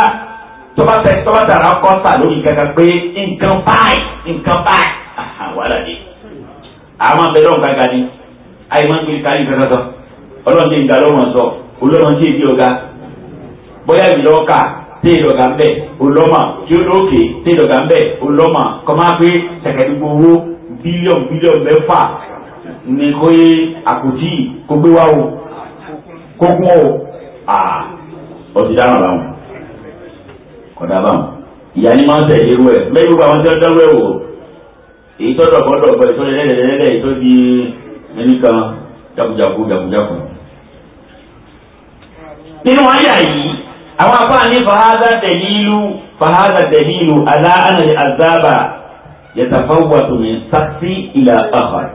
B: tó bá tẹ tó bá dàrá kọ́ńtà lórí kankan pé nǹkan báyìí nǹkan báyìí wàhálà ni àwọn abẹ́rẹ́ òun kankan ni àyè máa ń gbé káyì kankan kan ọlọ́run ti ń ga lọ́wọ́ sọ olóòrùn ti di ọ̀gá bóyá ìlú ọkà tí ìlú ọ̀gá ń bẹ̀ olọ́mà tí ó lókè tí ìlú ọ̀gá ń bẹ̀ olọ́mà kọ́ máa pé sẹ̀kẹ̀dúgbò owó bílíọ̀nù bílíọ̀nù mẹ́fà ní kó yé àkùtì kó gbé wá o kó gún o ọ̀sìn dáhùn láwọn kọ̀dá bá wọn. ìyá ni máa ń tẹ̀lé irú ẹ̀ lẹ́yìn gbogbo àwọn tí wọ́n dánwó ẹ̀ wò èyí tó dọ̀kọ́ dọ̀kọ́ ètò ẹlẹ́dẹ̀ẹ́dẹ́ ètò di ẹni kan jagunjagun jagunjagun. nínú àyà yìí àwọn afá ní fàhádà dẹ̀lílu fàhádà dẹ̀lílu alá ànàlẹ́ àzábà yatafawwatu min saksi ila akhar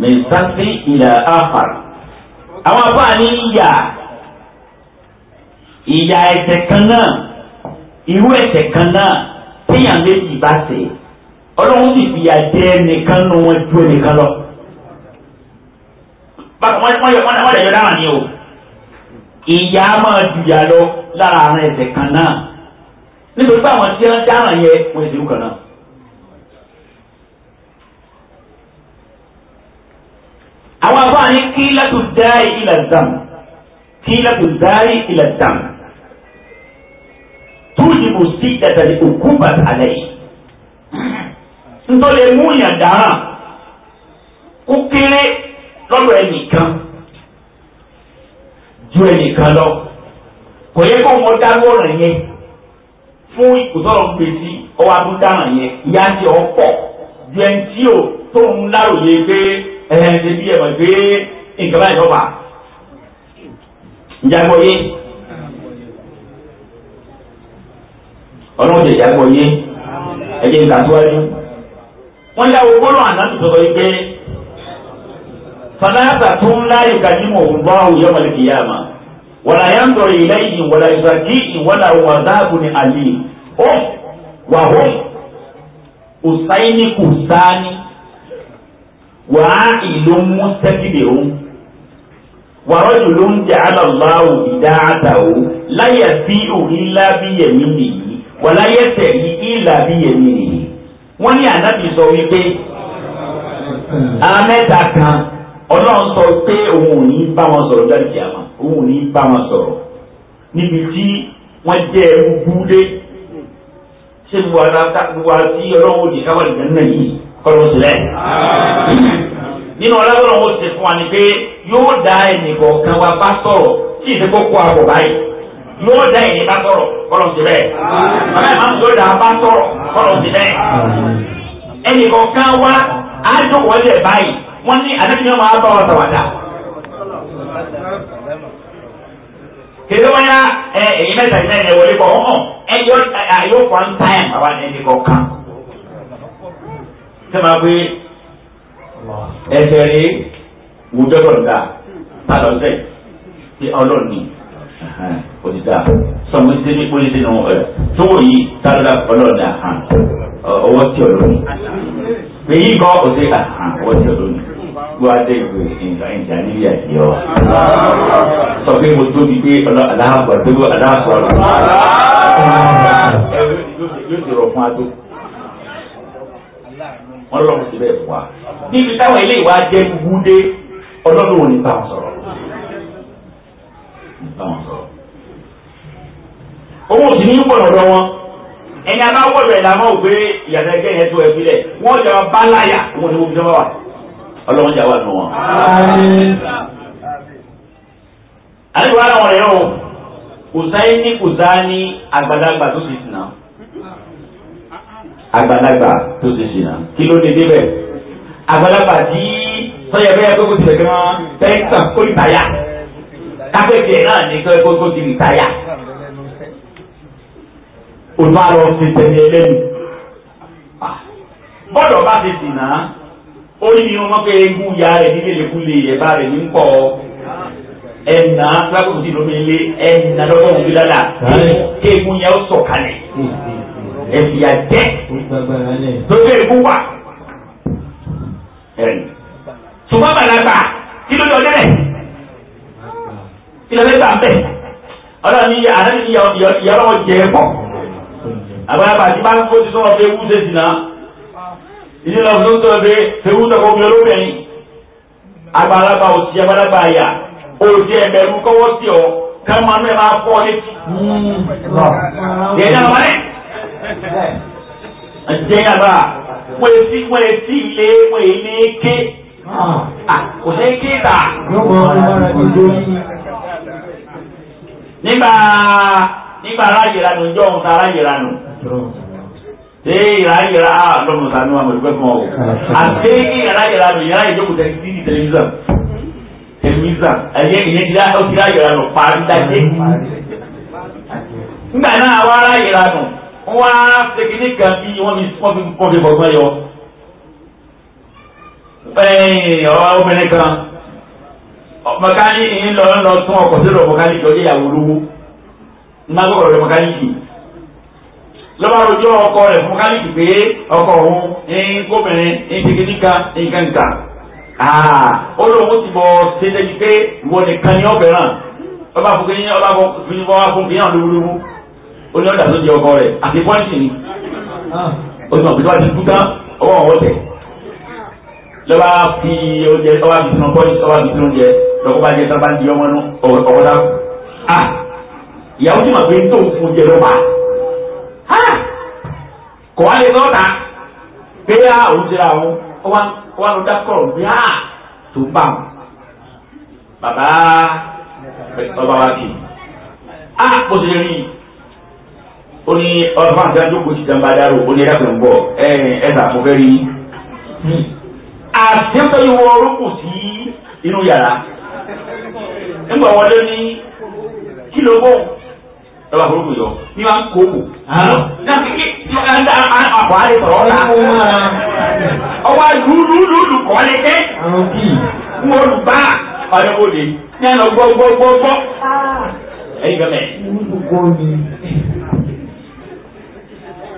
B: min saksi ila akhar àwọn afá ní ìyà ìyà ẹ̀ṣẹ̀ kan náà irú ẹ̀ṣẹ̀ kan náà téèyàn méjì bá ṣẹ̀ ọlọ́run sì fìyà jẹ ẹnìkan nù wọn ju ẹnìkan lọ. wọ́n lè yọ dáhùn ni o ìyá máa jùyà lọ lára àwọn ẹ̀ṣẹ̀ kan náà nítorí pé àwọn tí wọ́n dáhùn yẹ wọ́n èdè kan náà. àwọn àbọ̀ àní kí lẹ́tù dáì ilẹ̀ dàm kí lẹ́tù dáì ilẹ̀ dàm túlìmù sí ẹ̀tẹ̀lẹ̀ òkú bàtàlẹ̀ yìí ntọ́lẹ̀ mú yàn dáràn ó kéré lọ́dọ̀ ẹnìkan ju ẹnìkan lọ kò yẹ kó wọn dárú ọ̀ràn yẹn fún ìkùsọ̀rọ̀ gbèsè ọwọ́ abúdáràn yẹn ìyá ti ọ̀pọ̀ ju ẹni tí ò tó ń láròyé pé ẹ̀ẹ́dẹ́bí ẹ̀mọ̀ pé nǹkan báyìí lọ́wọ́ à ń jágbọ́ yé. ọlọ́run jẹ̀jẹ̀ àgbọ̀ yé ẹ̀jẹ̀ ń tàṣíwájú. wọ́n yá owó náà ànábì sọ̀rọ̀ yìí pé fanata tún láyò kájímọ̀ òun bá òun yọmọ lè kìyà mà wàlá yà ń sọ̀rọ̀ ilé yìí wàlá ìsàkí ìwọ́lá wà dáàbò ní àlè ó wà ó òsáìní kò sáání wàá ìlú mú sẹ́kìlì òun wàrọ́jù ló ń jẹ́ àlọ́láwò ìdáàtàwò láyà sí òun ńlá bí yẹ̀mí wọ̀lá yẹsẹ̀ yìí ìlà bí yẹmi wọ́n ní ànábì sọ wípé àwọn mẹ́ta kan ọlọ́run sọ pé òun ò ní bá wọn sọ̀rọ̀ lórí ìjàmà òun ò ní bá wọn sọ̀rọ̀ níbi tí wọ́n jẹ́ ẹrú búdé ṣé gbogbo àti ọlọ́run òdì káwọn ìjẹun náà yìí kọ́ ló nínú ọlọ́run ó fún wa ni pé yóò dá ẹnì kọ̀ọ̀kan wa bá sọ̀rọ̀ tí ìdẹ́kọ̀ kó àbọ̀ báyìí yóò da ẹ̀yìn bá sọ̀rọ̀ kọ́lọ̀ sí bẹ́ẹ̀. bàbá ìmọ̀ àmì yóò dá a bá sọ̀rọ̀ kọ́lọ̀ sí bẹ́ẹ̀. ẹnì kọ̀ọ̀kan wa àádọ́wọ̀ lẹ̀ báyìí wọ́n ní àdéhùn yóò máa bá wa sàwádà. kèdè wọn yá ẹ̀yìn mẹ́ta ìta ẹ̀ wọlé kọ̀ ọ̀hún ẹ̀yọ́ àyọ̀ fún táyà bàbá ẹnì kọ̀ọ̀kan. sẹ́mi àgbé ẹ̀sẹ̀ rèé wùdọ́dọ̀ òtítà sọmọ ti ní pólí sínú ẹ tówó yìí tálọ́dà ọlọ́ọ̀dà hàn ọwọ́ tí ọlọ́ọ̀ni èyí gan òsè hàn ọwọ́ tí ọlọ́ọ̀ni gbọ́ adé ìwé ìjà nílé àti ọ. sọ pé mo tóbi pé aláàbọ̀ tó gbọ́ aláàbọ̀ rẹ̀ yóò ti rọ̀ fún adó wọ́n lọ́rùn síbẹ̀ fún wa níbi táwọn ilé ìwà jẹ́ gbúdé ọlọ́run ò bá wọn sọ̀rọ̀ báwọn sọ. owó sì ní pọ̀ lọ́dọ̀ wọn ẹni abáwọ̀dọ̀ ẹ̀ la mọ̀ ìyàtọ̀ ẹgbẹ́ yẹn tó ẹ fi lẹ̀ wọ́n jọ bá láyà wọn ni wọ́n fi jọba wà ọlọ́run jà wà nù wọn. àlejò wa làwọn rẹ̀ o kùsáyé ní kùsáyé àgbàdàgbà tó ti sìn náà tó ti ṣìnà kí ló dé débẹ̀ àgbàlagbà tí sọ́yà bẹ́ẹ̀ tó kò tilẹ̀ gan-an fẹ́ẹ́ tàn kó ìtayà kápẹ́tì náà ní kọ́ kó ti rìtáyà òun á lọ fi tẹ̀lé ẹlẹ́nu bọ́dọ̀ bá ti dì náà ó ní ní wọn pé egun ya rẹ̀ nílé lẹ́kùn lè yẹ bá rẹ̀ ní kọ́ ẹ̀nà lábòsí lómi lé ẹ̀nà lọ́wọ́ òun bí dáadáa kí egun yẹn ó sọ̀kalẹ̀ ẹ̀fìyà jẹ́ tó fẹ́ egun wà ṣùgbọ́n bàlágbà kí ló lọ dẹ́rẹ̀ kílódé tà bẹ́ẹ̀ ọlọ́ni àdáni ìyọ́lọ́wọ́ jẹ ẹ̀ pọ̀ àbáyábà tí bá ń kó ti sọ́wọ́ pé ewu ṣe dìnnà ìdí lọ fún tó ṣe ewu tó kọ́ mi olóbìnrin àgbàlagbà òsì àgbàlagbà àyà òsì ẹ̀bẹ̀rù kọ́wọ́ sí ọ kẹ́rọ̀mà náà máa fọ́ létí. yẹ̀yẹ́ àwọn ẹ̀ ǹjẹ́ yàrá wọ́n etí wọ́n etí ilé wọ́n ilé ké kò sí ké ta nígbà nígbà aláyèranu ìjọ ohun tá aláyèranu ṣé ìráyèrà lọ́mọ ah, sanu àmọ̀ ìgbẹ́ fún ọ o àti ìráyèranu ìráyè ìjókòó tẹ̀ sí tẹlifíṣàn tẹlifíṣàn ẹ̀yẹ ìyẹn ti ó ti ráyèranu parí dájé nígbà náà wọ́n aláyèranu wọ́n á ṣe kíní kan bí wọ́n fi wọ́n fi bọ́ọ̀lù bọ̀gbọ́n yọ obìnrin kan mọ̀kání ń lọ ń lọ tún ọkọ̀ tó lọ mọ̀kání jọ ní ìyàwó olówó ńlá tó kọ̀ lọ mọ̀kání yìí lọ́wọ́ ojú ọkọ rẹ̀ fún mọ̀kání pé ọkọ̀ òun ń kóbìnrin ń tigi níka ń kàǹkà ó lóun ti bọ̀ ṣẹ́jẹ́ pé wọ́n nìkan ni ọbẹ̀ ràn ọba fún kí ọba fún kí wọ́n fún kí yàn lówólówó ó ní ọ̀dà tó di ọkọ rẹ̀ àti pọ́ǹtì ni ó ti mọ̀ pé wọ́n ti kú ọwọ́ wọn lọ́kọ́ bá jẹ́ sábà ń di ọmọ nú ọwọ́ dá a ìyàwó tí màá fi ń tóun fún jẹ lọ́ba kọ́ wá lè lọ́ta pé á ah, òun ti ra òun ọwọ́ àwọn dákọ̀rọ̀ bí á ah, tó bá wọn bàbá ọba wa kì í á kò sí rí ó ní ọlọ́pàá àti àjọkò ti jàmbá dárò ó ní ẹ̀dàkùn bọ̀ ẹ ẹ nà mo fẹ́ rí àti ẹ̀fọ́ yìí wọ sí inú yàrá ńgbà wọlé ní kílò bò ẹ bá burúkú yọ ní wàá kó kù. Ah. àpò àlè sọ̀rọ̀ ọ̀la ah. ọwọ́ lùlùlù kọ́lé tẹ́ ń olùbá ọ̀yọ́ wò lè ní àná gbọ́gbọ́gbọ́ ah. ẹ̀yin gbẹ́mẹ̀.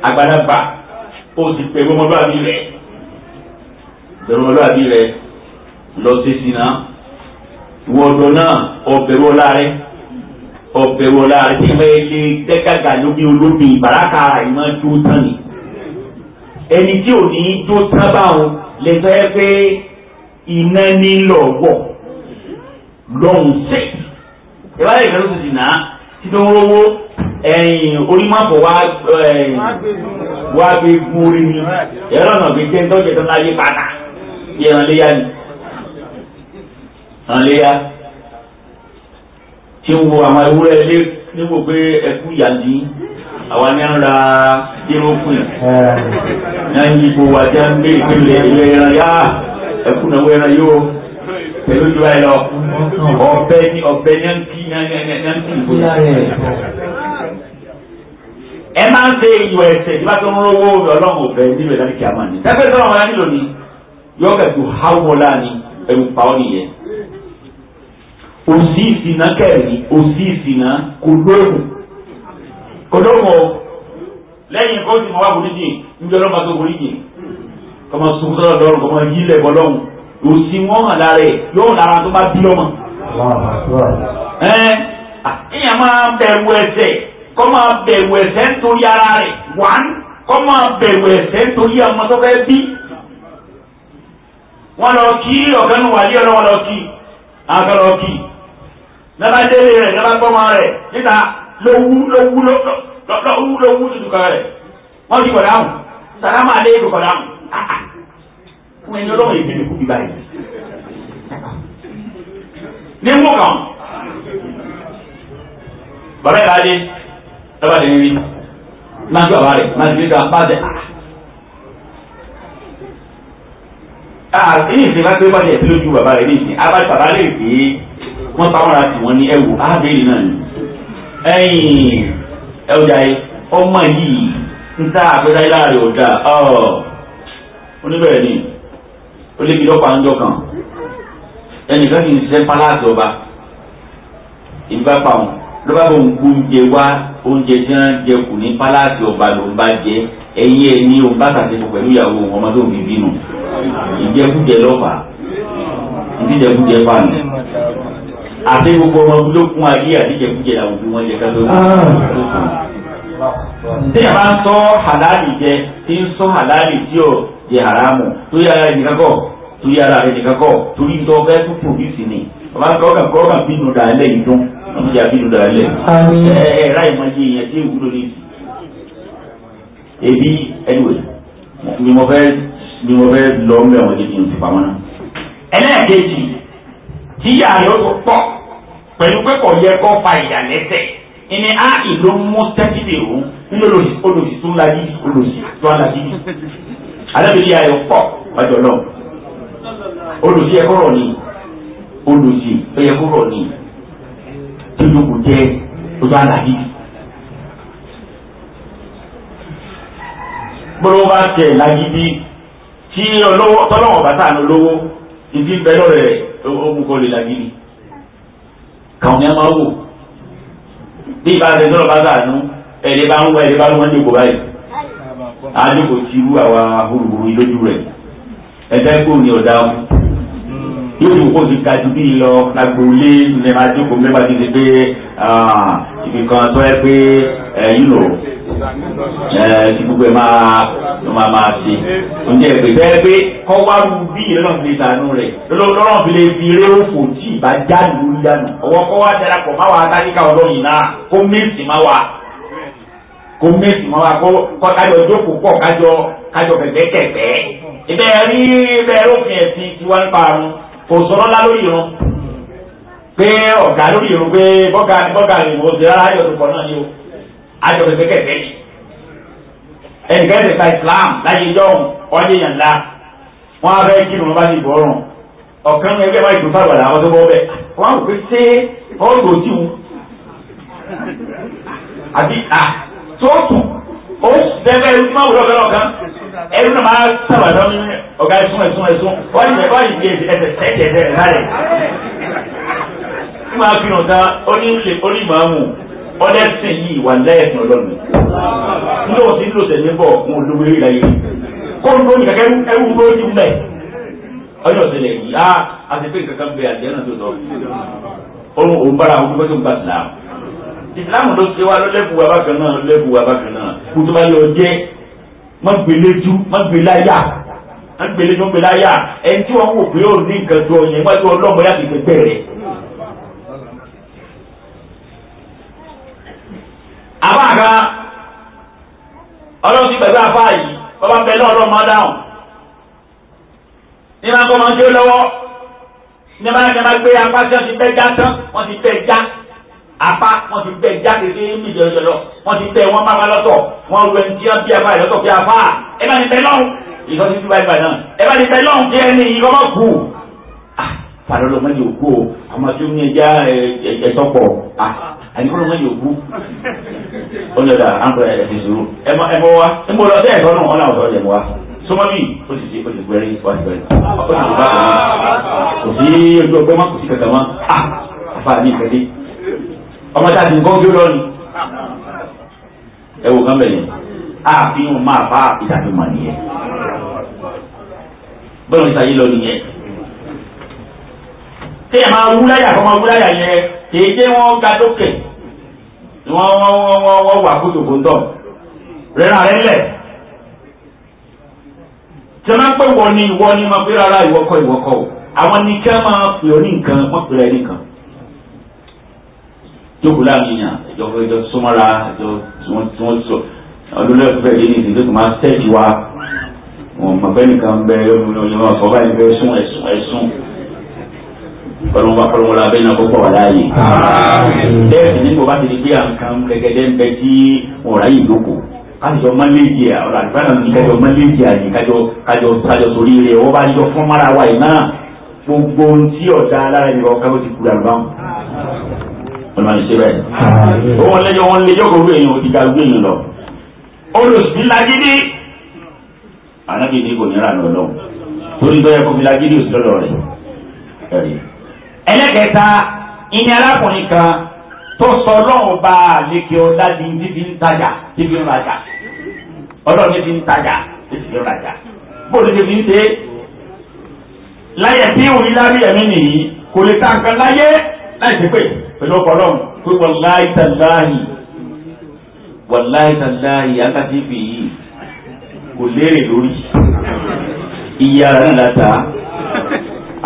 B: àgbàlagbà ó ti pè ọmọlúwàbí rẹ̀ ọmọlúwàbí rẹ̀ lọ sí sinna wọ̀dọ̀ náà ọ̀bẹ̀wò láàrẹ ọ̀bẹ̀wò láàrẹ tí wọ́n lè tẹ́kàgà lóbi olóbi ìbáraka ìmọ̀ tó tán ni ẹni tí ò ní tó tán báwọn lè fẹ́ pé iná ní lọ́wọ́ lọ́hùn sí ìwádìí ìfẹ́ ló ti dìnnà títí wọn lówó ẹ̀yìn onímọ̀pọ̀ wá wá gbé gún orí ni ẹ̀rọ náà gbé jẹ́ ń tọ́jú ẹ̀tọ́ láyé pátá ìyẹn lè yá ni àléyá tí ń wo àwọn ewúrẹ́ ilé níwò pé ẹkú yàdí àwa ni à ń ra irúgbìn náà wa jẹ́ ń gbé ìpínlẹ̀ ilé ẹran yá ẹkú náà wọ ẹran yóò pẹ̀lú ju ẹ lọ ọbẹ̀ ní ọbẹ̀ ní ẹnkí ní ẹnkí ìbò. ẹ máa ń ṣe ìwọ̀ ẹ̀sẹ̀ tí wọ́n ti ń rówó ọlọ́run ọbẹ̀ níbẹ̀ láti kí a máa ní. tẹ́fẹ́ sọ̀rọ̀ wọn nílò ni yọ̀ọ́kẹ̀ tó háwọ́ láàánú ẹ̀rù pa ọ́ nìyẹn òsì ìsìnà kẹrì òsì ìsìnà kò lóògùn kò o lẹ́yìn kó ti mọ wá boríjì níjọ lọ́mọ tó boríjì kọ́mọ sunkún sọ́dọ̀ lọ́rùn kọ́mọ yí ilẹ̀ bọ́ lọ́hùn òsì wọn hàn lára ẹ̀ yóò lára tó bá bí ọmọ. ẹ ìyẹn máa bẹ̀rù ẹsẹ̀ kọ́ máa bẹ̀rù ẹsẹ̀ nítorí ara rẹ̀ wán kọ́ máa bẹ̀rù ẹsẹ̀ nítorí ọmọ tó fẹ́ bí. wọ́n lọ kí ọ̀gá nù wàlíọ̀ lọ́wọ́ lọ kí àgbà kí nàbà délé rẹ̀ nàbà gbọ́mọ rẹ̀ níta lówú lówú lówú lówú tuntun kan rẹ̀ wọ́n ti kọ̀dá hù sàlámà lé ètò kọ̀dá hù ah, ah. fún ẹni ọlọ́run èdè lè kú bí báyìí. ní mú kàn bàbá ìlà dé nàbà dé níbi máa ń tó àbá rẹ̀ máa ń tó àbá rẹ̀ ah ní ah. ìsìn máa ń tó bá jẹ́ ìsìn lójú bàbá rẹ̀ ní ìsìn abájú bàbá rẹ̀ pé wọ́n pamọ́ra tí wọ́n ní ẹ̀wò ábẹ́rẹ́ náà ni ẹ̀yìn ẹ̀wọ̀dà ọmọ yìí ń tá àpẹẹrẹ láàrin ọ̀dà oníbẹ̀rẹ̀ ni olébí lọ́pàá ń jọ kan ẹnìkan kì í ṣiṣẹ́ pálásì ọba ìbí bá pa wọn ló bá bọ̀ ń gbó oúnjẹ wá oúnjẹ tí wọ́n jẹ kù ní pálásì ọba ló ń bá jẹ ẹ̀yìn ẹ̀ ní òun bá ṣàṣepọ̀ pẹ̀lú ìyàwó ọmọ tó ń fi bínú ìjẹkújẹ lọ́pàá ìdíjẹkújẹ pàmì àti gbogbo ọmọ ló kún ayé àdíjẹkújẹ àwọn òbí wọn jẹ ká lórí ah. tí a máa ń sọ halali jẹ tí ń sọ halali tí ò jẹ haramu tó yára ẹnìkan kọ tó yára ẹnìkan kọ torí ìtọ́ ọ̀gá fún pòlíìsì ni ọba kọ́ọ̀kan kọ́ọ̀kan bínú dà ẹlẹ́ yìí dún ọmọ ìyá bínú dà ẹlẹ́ ẹ ẹ ráì mọ iye yẹn tí èwúrò ní ìsìn ebi anyway ni mo fẹ́ ni mo fẹ́ lọ mẹ́wọ̀n jẹ́ kí ti pamọ́ náà ẹlẹ́ẹ̀kejì tí yàrá yóò tó pọ̀ pẹ̀lú pé kò yẹ kó fa ìyàlẹ́tẹ̀ ìní á ìlú mú tẹ́tìlì òun nínú olùsí tó ńlá yìí olùsí tó ńlá yìí alábìlí ayọ̀ pọ̀ wájú ọlọ́run olùsí ẹ̀kọ́ rọ̀ ni olùsí ẹ̀kọ́ rọ̀ ni tó yókù jẹ́ tó ńlá yìí. gbọ́dọ̀ bá tẹ̀ lágídí tí ọlọ́wọ́ tọ́lọ́wọ́ bàtà ní olówó ìdí bẹ́ẹ̀ lọ́rẹ̀ ó mú kọ́ lè lágídí kàwọn ní a máa wò bí ìbá rẹ lọ́rọ̀ bá sàánú ẹ̀rẹ́ bá ń wọ ẹ̀rẹ́ bá ń wọ́n ní òkò báyìí àjòkò ti rú àwa olùkùnrin lójú rẹ̀ ẹ̀dá ẹ̀kọ́ ni ọ̀dà ọ̀hún yóò fi kó ti ga ju bíi lọ lágbóolé mẹ́ma jókòó mẹ́ma ti di pé ibìkan tó yẹ pé ẹ̀yìn lò ti gbogbo ẹ̀ máa ló máa máa ṣe. ǹjẹ́ ìpè bẹ́ẹ̀ pé kọ́ wá ru bí ìrẹ́lọ́n fi sànú rẹ̀ lọ́rọ̀ fi lè fi eré òfò tí ìbá já lù ú dànù. ọwọ́ kọ́ wá darapọ̀ má wàá táníkà ọlọ́run náà kó méjì má wà kó méjì má wà kó kájọ jókòó pọ̀ kájọ kájọ kẹ̀kẹ́ kẹ̀kẹ́. ìbẹ̀rẹ̀ rí ìbẹ̀rẹ̀ òfin ẹ̀sìn tiwa ń parun kò sọ̀rọ̀ ńlá lórí irun pé ọ̀gá lórí irun pé bọ́gà bọ́gà ìwò ṣe rárá yóò tó pọ̀ náà yóò àjọ pẹ̀pẹ́ kẹ̀kẹ́ yìí ẹnìkan ẹ̀sẹ̀ ta Islam láyé ìjọ ọdún yàn dá wọn á fẹ́ kí wọn bá ti bọ̀ ọ̀rùn ọ̀kan ẹgbẹ́ wa ìdùnnú fáwọn àwọn tó bọ́ bẹ́ẹ̀ wọn á pè ṣé ọ̀rùn òjì wù àbí à tó tù ó bẹ́ẹ̀ bẹ́ẹ̀ ẹnu náà máa sábà lọ ní ọ̀gá ẹ̀sùn ẹ̀sùn ẹ̀sùn wọ́n yìí wọ́n yìí ẹ̀sẹ̀ ẹ̀sẹ̀ ẹ̀jẹ̀ ẹ̀sẹ̀ rárẹ̀. ní máa fi hàn tán onímọ̀ọ́mù ọlẹ́sìn yìí wà lẹ́ẹ̀sìn ọlọ́run ní òun ti ń lò sẹ̀mí bọ̀ wọn ò lówó ìlà yìí kó ń lóyún kẹ́kẹ́ ẹrú ló ti mẹ́ ọjọ́ ìṣẹ̀lẹ̀ yìí á àti pé kankan bẹ àjẹ́ náà tó lọ òun òun bára àwọn olùkọ́ tó ń gbà sílámù ìsìlámù ló ṣe wá lọ́lẹ́bù abákan náà lọ́lẹ́bù abákan náà kùtùbà yóò jẹ́ wọ́n gbélé jú wọ́n gbélé ayá wọ́n gbélé jú wọ́n gbélé ayá ẹni tí wọ́n wò pé ó ní nǹkan tó ọyàn wọ́n tó ọlọ́mọ yá ti gbẹgbẹ rẹ̀. àbá kan ọlọ́run ti gbẹ̀gbẹ́ àbá yìí bàbá bẹ náà ọlọ́run máa dáhùn ní máa kọ́ máa ń jó lọ́wọ́ ní máa ń gbé apá tí wọ́n ti bẹ́ já tán wọ́n ti bẹ́ já apá wọn ti bẹ jáde sí níbi jọjọjọ wọn ti bẹ wọn máa lọ́tọ̀ wọn wẹ ní tí wọn bí apá ìlọtọ bí apá ẹ bá ní bẹ lọhùn ìtọ́ ti dúbà ìbàdàn ẹ bá ní bẹ lọhùn kí ẹni ìlọ bá kú fàdé ah, ọlọmọ yóò kú o àmọ́ tí ó ní ẹja ẹjọ pọ àyíkọ́ ah, ọlọmọ yóò kú ó ní ọ̀dà à ń pẹ ẹ̀sìn sùúrù ẹ mọ ẹ mọ wa ẹ mọ lọ sí ẹ̀tọ́ náà wọn làwọn sọ̀rọ̀ jẹ mọ wa sọmọbí ó ti ṣe ó ti gbẹrí wá ti gbẹrí ó ti gbẹrí kò sí ojú ọgbẹ́ má kò sí kankan má ah, àfa àbí ìfẹ́ dé
C: ọmọ tá a ti nǹkan jó lọ ni.
B: ẹ wò kán bẹ̀yẹn àfihàn máa bá ìtàkùnmọ̀ nìyẹn bọ́ọ̀lù ìtàyé lọ nìyẹn. kí ẹ máa wúláyà kọ́ máa wúláyà yẹn kì í dé wọ́n ga lókè wọ́n wọ́n wọ́n wọ́n wà kótó kótó rẹ́ràn rẹ́ lẹ̀ jẹ́nà pé wọ́n ni ìwọ ni máa pé rárá ìwọ́kọ̀ ìwọ́kọ̀ àwọn ni kí a máa pè ọ́ ní nǹkan wọ́n pè ọ́ ní nǹkan jókòó láàrin yàn ẹjọ ẹjọ súnmọ́ra ẹjọ tí wọ́n sọ ọdún lẹ́yìn fẹ́ yé ní ìdílé tó máa tẹ́jú wa wọn mọ̀ bẹ́ẹ̀ nìkan bẹ ọmọ ọ̀fọ̀ báyìí bẹ sún ẹ̀sùn ẹ̀sùn kọlọmọba kọlọmọba abẹ́ náà kó pọ̀ wá láàyè. bẹ́ẹ̀ ni bó bá ti di pé àǹkan gẹ́gẹ́dẹ́ ń bẹ tí wọn ráyè ìdókòó kájọ mọ́lẹ́jì à ọ̀rọ̀ àgbàdo ní kájọ mọ́lẹ́jì à ní kájọ kájọ kájọ sórí rẹ̀ wọ́n bá jọ fún mara wa yìí náà gbogbo ohun tí ọ̀dà alára ìrọ̀ kájọ ti kúrò àlùbáwọn ọlọ́mọdé ṣe bẹ́ẹ̀. owó lẹ́jọ́ wọn lé yọkọ̀ owó èèyàn òdìgbà gbé yìí lọ. olùsí lagidi anábì kò ní ra lọ lọ́wọ́ torí bẹ́ẹ̀ kó fi lagidi òsì lọ́dọ̀ rẹ̀. ẹlẹ́kẹta ìní arákùnrin kan tó sọ ọlọ́run bá àlékè ọ̀dá di ní fi ń tajà ti fi ń rajà ọlọ́run ní fi ń tajà ti fi ń rajà bóòlù ti fi ń ṣe láyẹ̀ tí òun yára rí ẹ̀mí nìyí kò lè ta nǹkan láyé láì sí pé pẹ̀lú ọkọ̀ náà pé wàláì tàláì wàláì tàláì akadé fi yìí kò léèrè lórí iye ara ní lata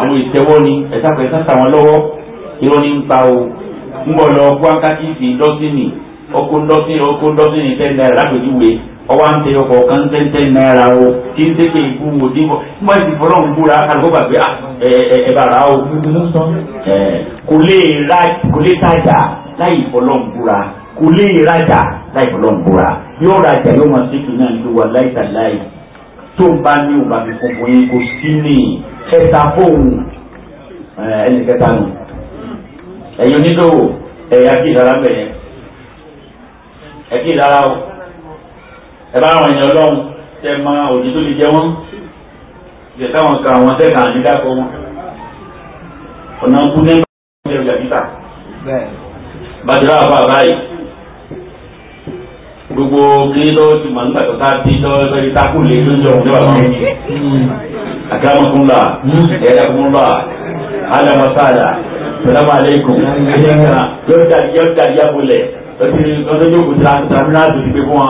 B: àwọn ìtẹ́wọ́ ni ẹ̀sàkọ̀ ẹ̀sàkọ̀ àwọn lọ́wọ́ irọ́ ní ń pa o ń bọ̀ lọ ọkọ̀ akadé fi dọ́sìnì ọkọ̀ dọ́sìnì ọkọ̀ dọ́sìnì ten naira ọwọ́ à ń tẹ ọkọ̀ kan tẹ́ntẹ́n náírà o tí ń tẹ́kẹ̀ ikú wò dìbò mọ́ ìdìbò náà ń búra kálukọ́ gbàgbé ah, ẹ bá ra o kò lè ra kò lè tajà láì ìfọlọ́n búra kò lè rajà láì ìfọlọ́n búra yóò rajà yóò máa ṣètò náà ní wa láì tàláì tó ń bá ní òun àbí funfun yín kò sí ní ẹ̀ta fóun ẹnì kẹta nù ẹ̀yin onídòwò ẹ̀yà kí ìlara bẹ̀rẹ̀ ẹ̀kí ìlara o ẹ bá àwọn èèyàn ọlọ́run tẹ máa òjì tó lè jẹ wọ́n jẹ táwọn kan àwọn tẹ́ka ànídàkọ wọn ọ̀nà kú ní ìpínlẹ̀ ọjà títà bàdúrà àbá báyìí gbogbo kiri tó ti mọ̀ nígbà tó ká di tó ẹni takò lè lóúnjẹ òun níwájú akérèmọkúnlá ẹ̀ẹ́dẹ́kúnlá alamọ́sáàdà salamu aleykum yóò dàdí yóò dàdí yàgò lẹ̀ lọ́dọ̀ yóò kó tìrabìlà tó ti gbé fún wa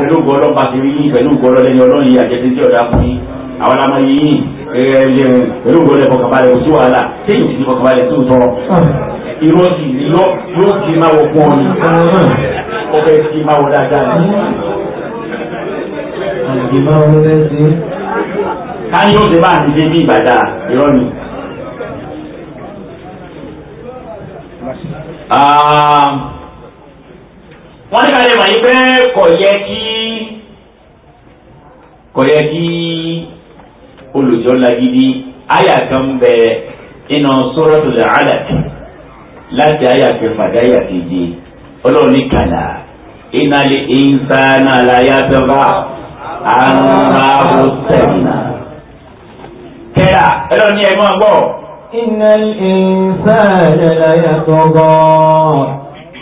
B: pẹ̀lú gbọ́dọ̀ pàtẹ́wì yín pẹ̀lú gbọ́dọ̀ lẹ́yìn ọlọ́run yìí àjẹsí tí ọ̀dà fún yín àwọn lamọ yìí ẹ̀ẹ́dẹ̀ pẹ̀lú gbọ́dọ̀ ìfọkànbalẹ̀ kò sí wàhálà téèyàn ti ìfọkànbalẹ̀ tó tọ́ irọ́ sì irọ́ yóò ti máa wọ fún ọ ni ọbẹ̀ ti máa wọ dáadáa ni. káyọ̀ ṣe bá àti dé bí ìbàdà irọ́ ni. Ah wọ́n ní ká lè mọ̀ yín pé kò yẹ kí kò yẹ kí olùjọ́ lagidi àyà kan bẹ iná suratul Alaq láti àyà kẹfà dáyà keje ọlọ́run ní kàlà iná lè ìnsá náà láyà sábà àrùn sẹ́yìnà. kẹ́ra ẹlọ́run ní ẹ̀ gbọ́. iná ìnsá náà láyà sọ́gbọ́n.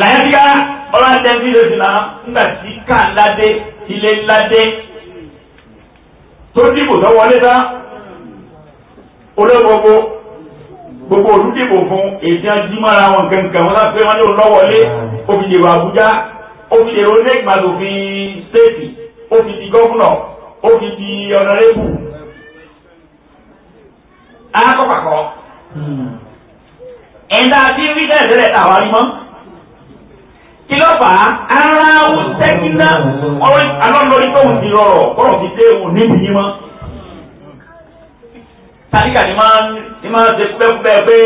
B: làyẹ́bíyá ọlọ́dẹ́bí ló ti náà ńgbà tí ká ńlá dé ilé ńlá dé tó dìbò tó wọlé tán olóògbogbo gbogbo olùdìbò fún èsì ajímọ́ra wọn kankan wọn láti pé wọn ní olówọlé òfìdèrò Àbújá òfìdèrò onígbàdòfin stéètì òfìdí gọ́fúnà òfìdí ọ̀nàrẹ́bù akọ́pàkọ́ hmm. ẹ̀ńdá tí ń rí tẹ̀sílẹ̀ tàwa mọ́ kí ló fà á ara ó sẹ́kínà ọ̀rọ̀ alọ́lọ́rí tó ń di rọrọ̀ kọ́rọ̀ fi dé òun níbi yín mọ́. tàbíkà ni máa ń máa ṣe pẹ́pẹ́ pé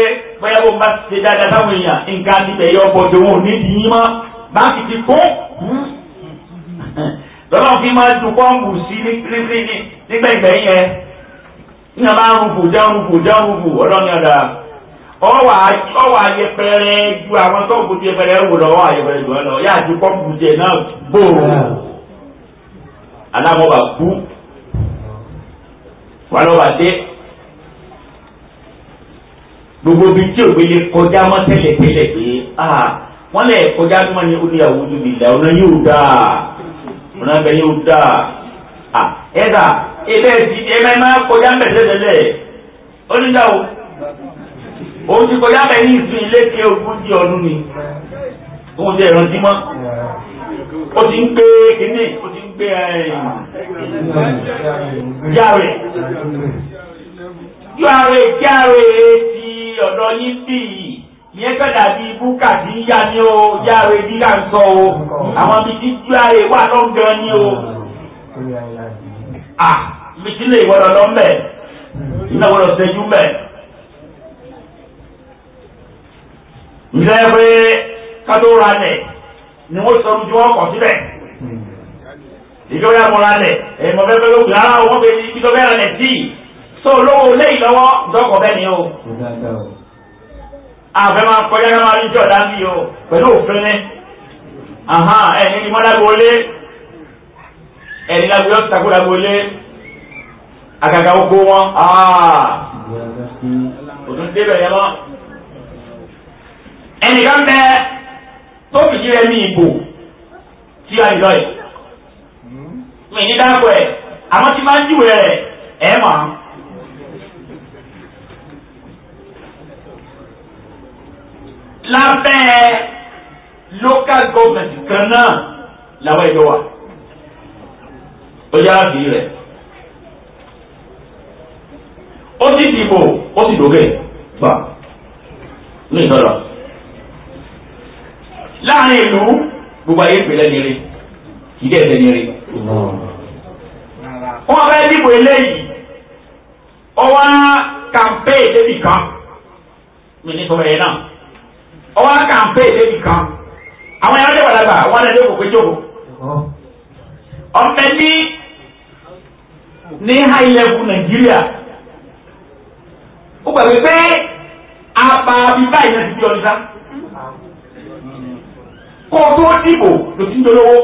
B: bóyá bó ń bá ṣe dáadáa táwọn èèyàn nǹkan níbẹ̀ yọ bọ̀dọ̀ òun níbi yín mọ́ báńkì ti kún. lọ́nà fi máa ju pọ́ǹpù sí nígbẹ̀gbẹ̀ yẹn nígbà bá ń rúfò já ń rúfò já ọlọ́ni ọ̀dà ọwọ́ ayẹpẹrẹ ju àwọn tó kù tiẹ̀ pẹrẹ wò lọ́wọ́ ayẹpẹrẹ jù wọn lọ yáa ju kọ́pù tiẹ̀ náà gbòòrò ah. aláwọ̀ bá kú wọn lọ́wọ́ àti gbogbo bi tí òwe lè kọjá mọ́ tẹ́lẹ̀tẹ́lẹ̀ pé ah, wọ́n lè kọjá mọ́ ní oníyàwó níbi ìlà ọ̀nà yóò dáa ọ̀nà bẹ yóò dáa ah, ẹ̀dà ẹ̀dà ẹ̀dà ẹ̀dà máa kọjá mẹ́tẹ́lẹ̀tẹ́lẹ̀ oníyàwó òun ti kọjá bẹ ní ìsìn iléke ogójì ọdún ni
C: òun ti ẹ̀rọ ti mọ́
B: ó ti ń gbé kíní ó ti ń gbé eh, yàrá yàrá yàrá ti ọ̀dọ̀ yín bì yẹn kọ́dà bí búkà tí ń yá ni ó yàrá bí là ń sọ o àwọn ibi ti yàrá wà lọ́gàn ni o ah bí sílẹ̀ ìwọ́dọ̀ lọ́mbẹ̀ ìnáwó lọ́sẹ̀ yú mbẹ̀. njẹ́ pé kátó ra lẹ̀ ni wọ́n sọ ojú ọkọ̀ síbẹ̀ ìjọba mo ra lẹ̀ ẹ̀mọ́ bẹ́ẹ̀ bẹ́ẹ̀ lóògùn ara wọn bẹ ìjọba bẹ́ẹ̀ ra lẹ̀ sí i so olówó léyìí lọ́wọ́ dọ́kọ̀ bẹ́ẹ̀ ni o àfẹ́ máa kọjá náà máa ń jọ dábì o pẹ̀lú òfin ní ẹni ni mọ́dágbólé ẹni lágbo yọ tako lágbólé àgàgà oko wọn òtún débẹ̀ yẹn mọ́ ẹnìkan bẹ tó fìdí rẹ ní ìbò tí a yọ ẹ mi ní dáàbò ẹ àmọ́ tí máa ń júwe rẹ ẹ mà á. lábẹ́ local government kan náà làwọn ẹ̀dọ́ wà ó yára bí rẹ̀ ó sì dìbò ó sì dògè gbà ní ìtọ́lọ̀ láàrin ìlú gbogbo ayé ìpìlẹ̀ nìire kì í dẹ̀ ẹ̀sẹ̀ nìire. wọ́n fẹ́ dìbò eléyìí ọwọ́ kàmpéè débì kan mi ní sọ̀rọ̀ yẹn náà ọwọ́ kàmpéè débì kan àwọn ẹ̀rọ dẹ̀wọ̀ dàgbà wọ́n lè dẹ́kun péjọ́kù. ọ̀fẹ́ ní ní high level nàìjíríà ó gbàgbé pé apá bíbá ìyẹn ti di ọ̀dùnká kó o tó dìbò ló ti ń dolówó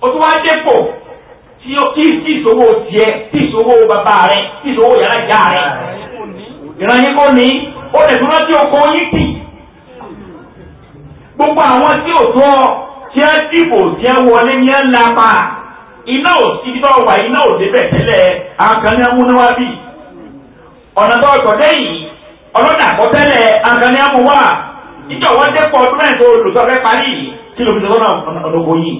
B: o tó wá dépò tí o kí tí ìṣòwò tiẹ̀ tí ìṣòwò bàbá rẹ̀ tí ìṣòwò yàrá ìyá rẹ̀ ìran yín kò ní ó lè tún rántí oko yín tì gbogbo àwọn tí ò tó ọ tí a dìbò tí a wọlé ní ẹ iná ò ibi tó wà iná ò débẹ̀ tẹ́lẹ̀ àkànní amúnáwá bì ọ̀nà tó ọ̀tọ̀ dẹ́yìn ọlọ́dà àkọ́tẹ́lẹ̀ àkànní amúwá níjọ wọn dẹ́pọ̀ ọdún mẹ́rin tó olùsọ fẹ́ parí yìí kí ló fi sọ́nà ọ̀nàgbò yìí.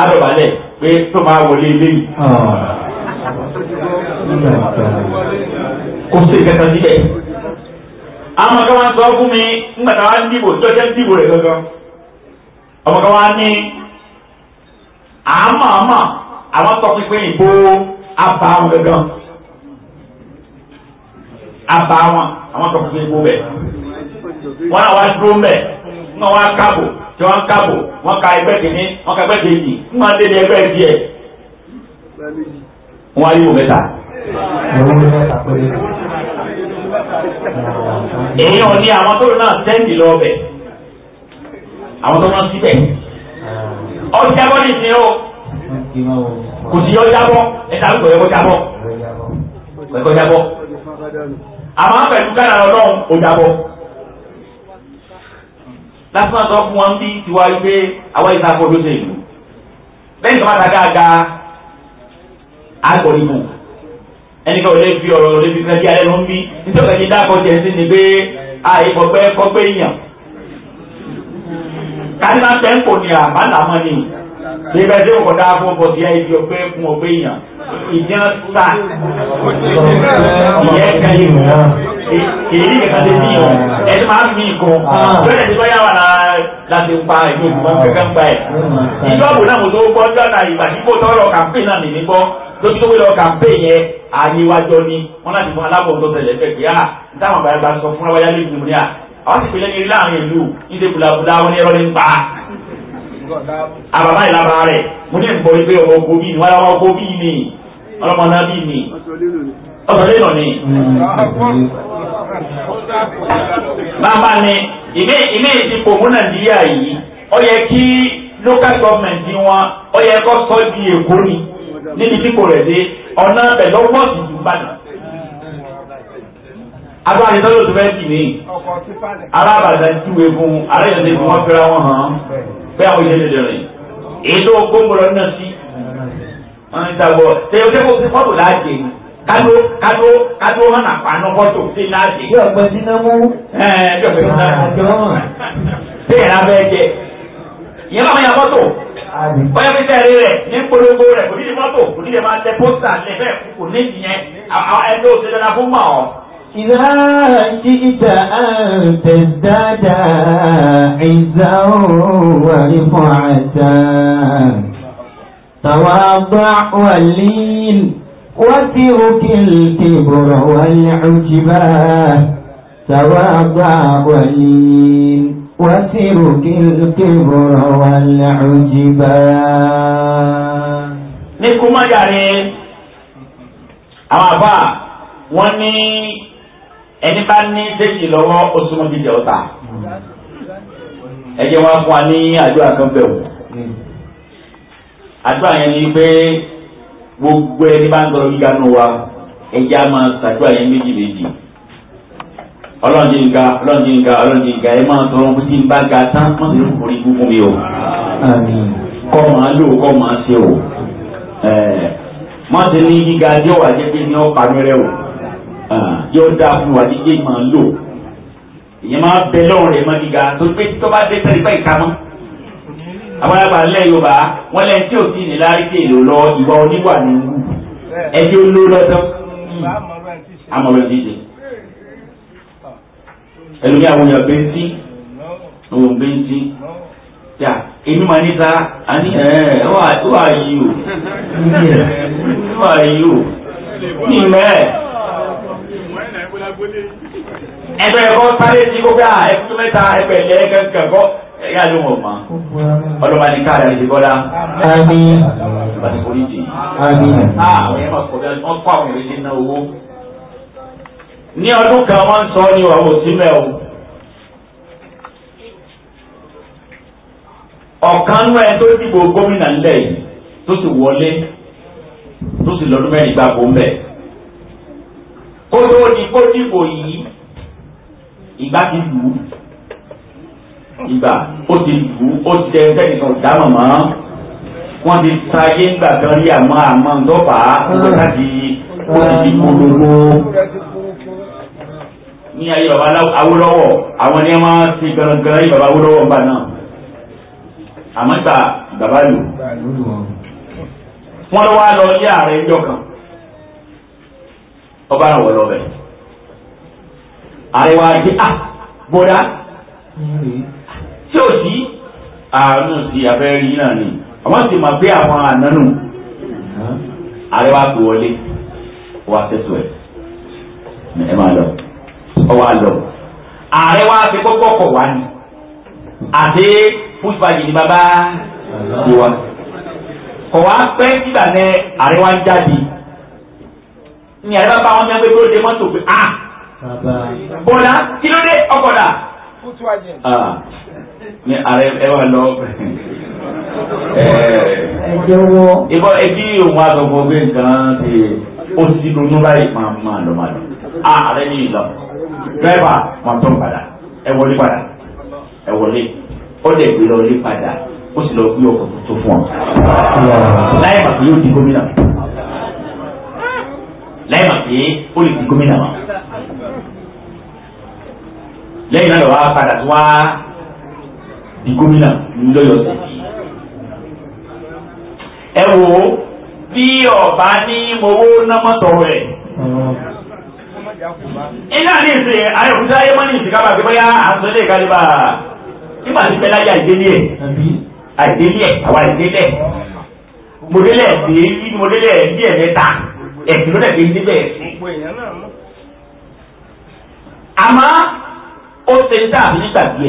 B: adọ̀balẹ̀ pé tó máa wọlé ilé mi. kò sí ìkẹta síbẹ̀. àwọn kan wọn sọ fún mi nígbà táwa ń dìbò tó jẹ́ ń dìbò rẹ̀ gangan. ọmọ kan wọn ní àmọ́ àmọ́ àwọn tọpinpin ìbò abà wọn gangan abà wọn àwọn tó fi gbó bẹ̀. wọ́n náà wá dúró mbẹ̀ wọ́n wá kábò tí wọ́n kábò wọ́n ka ẹgbẹ́ kìíní wọ́n ka ẹgbẹ́ kejì wọ́n máa dédé ẹgbẹ́ díẹ̀. wọ́n á yíwò mẹ́ta. èèyàn ní àwọn tó náà sẹ́ǹdì lọ bẹ̀ àwọn tó náà síbẹ̀ ọjà bọ́ ní sin o kò sí ọjà bọ́ ẹ̀ta ló kọ̀ ẹ̀kọ́ jábọ̀ ẹ̀kọ́ jábọ̀ àmọ́ pẹ̀lú kára ọlọ́run ò jábọ̀. lásán sọ fún wọn bí tiwa pé àwọn ìsàkó ló ṣe ìlú lẹ́yìn tó bá ta dáadáa àgbọ̀nìbò ẹnìkan ò lè fi ọ̀rọ̀ lè fi kẹ́kẹ́ alẹ́ ló ń bí nítorí ọ̀gá yìí dákọ̀ jẹ́ sí ni pé àìfọ̀gbẹ́ fọ́gbẹ́ èèyàn kálí máa ń tẹ́ ń kò ní àmàlà mọ́ ni nígbà tí òun kò dáa fún ọkọ̀ sí ẹ̀jẹ̀ ọgbẹ́ fún ọgbẹ́ èèyàn ìjẹun ta ìyẹn kan yìí mọ́ èyí nìkan lè bí wọn ẹni máa ń mí nǹkan lọ́dẹ̀ tí wọ́n yà wà láti pa èmi ìgbọ́n ah. kankan gba ẹ̀. ìjọ́bù náà mo tó gbọ́ ọjọ́ náà ìgbà tí kò tọ́rọ̀ kàmpé náà nìyí gbọ́ lójú tó wí lọ kàmpé yẹn àyíwájọ ni wọ́n láti fún alábọ̀ tó tẹ̀lé fẹ́ pé ah táwọn àgbàlagbà sọ fún wáyà lè gbìmọ̀ ní à ah. àwọn sì pèlè ní láàrin àbàbá ìlàbà rẹ̀ mo ní ìgbọ́ wípé ọmọ ogun mi ni wọ́n lọ́wọ́ ogun mi ni ọlọ́mọ náà bí mi ọ̀sọ̀lẹ́ nà ni. bàbá ni ilé ìdìbò mú yìí ó yẹ kí local government wọn ó yẹ kó sọ di èkó ni níbi tí kò rẹ̀ dé ọ̀nà pẹ̀lú wọ́ọ̀sì ìdúgbàdàn agbó àyẹ̀tọ́ ló ti fẹ́ dì ní alábàdàn júwe fún aláyọ̀dé fún wọn fẹ́ra wọn hàn án bẹ́ẹ̀ àwọn ìṣẹ̀lẹ̀ lè rìn èyí tó gbóngbòrò náà sí wọn ń dàgbọ́ tẹ o dẹ́kun fi fọ́tò láàjẹ ni kádó kádó kádó hàn àpànà fọ́tò sí láàjẹ. yóò gbẹ sínú mú. ẹ ẹ jọ pé wọn àjọ hàn. bẹ́ẹ̀ la jẹ ìyẹn bá wọn yà fọ́tò bọ́yá fi tẹ̀lé rẹ̀ ní polongo rẹ̀ kò ní di fọ́tò kò ní di máa tẹ pósítà lẹ́fẹ̀ẹ́ kò ní ìyẹn ẹni tó ṣe dáadáa fún mọ́ ọ. إذا شئت
C: أن تزداد عزا ورفعة تواضع واللين وترك الكبر والعجبان
B: تواضع واللين وترك الكبر والعجبان نكما يا ريت أما با وني ẹni bá ní déjì lọ́wọ́ osùnmọ́ jíjẹ ọ̀tá ẹ jẹ́ wá fún wa ní àdúrà kan bẹ̀rù àdúrà yẹn ni gbogbo ẹni bá ń tọrọ á máa méjì méjì ọlọ́ọ̀dínga ọlọ́ọ̀dínga ọlọ́ọ̀dínga ẹ máa tọrọ tí bá ga tán wọ́n o kọ́ máa lò kọ́ máa ṣe o mọ́tò ní gíga ní Ah, yóò dáa fún wa jíjẹ́ máa lò ìyẹn máa bẹ lọ́rùn rẹ̀ máa gíga tó pé tó bá dé sẹ́ni pẹ́ ìkámọ́ àgbàlagbà ńlẹ̀ yorùbá wọ́n lẹ́yìn tí ò ní lárí lò lọ ìwà oníwà ní wù ẹjẹ́ ó ló lọ́tọ́ hmm. ẹlòmí àwọn bẹ́ntì òun bẹ́ntì yà èmi máa ní sáà àní ẹ̀ ó wà o ó wà o ní ìmọ̀ ẹgbẹ́ ẹ̀kọ́ sáré tí kó gbà ẹkú mẹ́ta ẹgbẹ́ ẹ̀lẹ́ kankan kọ́ ẹ̀yà ló mọ̀ mọ́ ọlọ́mọ ní káàdì àti bọ́lá bàtí kò ní jì wọ́n kọ́ àwọn ìrètí ná owó. ní ọdún kan wọ́n ń sọ ní ọ̀rọ̀ òsínbẹ̀ o ọ̀kan nú ẹ tó dìbò gómìnà ńlẹ̀ yìí tó sì wọlé tó sì lọ́dún mẹ́rin gbàgbó ń kó tó di kó dìbò yìí ìgbà ti lù ú ìgbà ó ti lù ú ó ti tẹ ẹsẹ nìkan dáhùn mọ́ wọ́n ti ta ayé ńgbà kan rí àmọ́ àmọ́ ńdọ́fà ìgbà láti ó ti di polówó ní ayé baba awolowo àwọn ni wọ́n ti gbẹrangbẹran yìí baba awolowo ńgbà náà àmọ́ ìgbà baba lò wọ́n lọ lọ yé ààrẹ ńjọ́ kan ọba ràn wọ́n lọ́bẹ̀. àrẹwà àti à ah, bọ́dá tí ò sí àánú sí abẹ́rẹ́ yìí náà ni àwọn sì máa gbé àwọn ànánú àrẹwà pè wọlé wà tẹ̀sọ̀ ẹ̀ ẹ máa lọ ọwọ́ àlọ́ àrẹwà ti kọ́kọ́ kọ̀ wá ni àti fúnfàjì ni bàbá yìí wá kọ̀ wá pẹ́ sígbà náà àrẹwà ń jáde ni àyè bá bá wọn jẹ́ kó de mọ́tò pé ah bọ́lá kí ló dé ọkọ̀ ah ni ààrẹ ẹ wà lọ ìbọn ẹbí òun àgbọ̀gbọ̀ gbé nǹkan ti ó ti dunu báyìí máa máa lọ máa lọ ààrẹ ní ìlọ dírẹ́bà máa tọ́ padà ẹ wọlé padà ẹ wọlé ó lè gbé lọ ilé padà ó sì lọ gbé ọkọ̀ tó fún ọ láyé màtí yóò di gómìnà láì mà pé ó lè di gómìnà wọn. lẹ́yìn náà lọ́wọ́ padà tí wọ́n á di gómìnà lọ́yọ̀ sí. ẹ wo bí ọba ní mowó náà mọ́tò rẹ̀ iná ní ìsè ayọ̀kúta ayé mọ́ ní ìsìká ẹ̀sìn ló dẹ̀bi níbẹ̀ ẹ̀sìn. àmọ́ ó ṣe ń dàbí nígbàgbé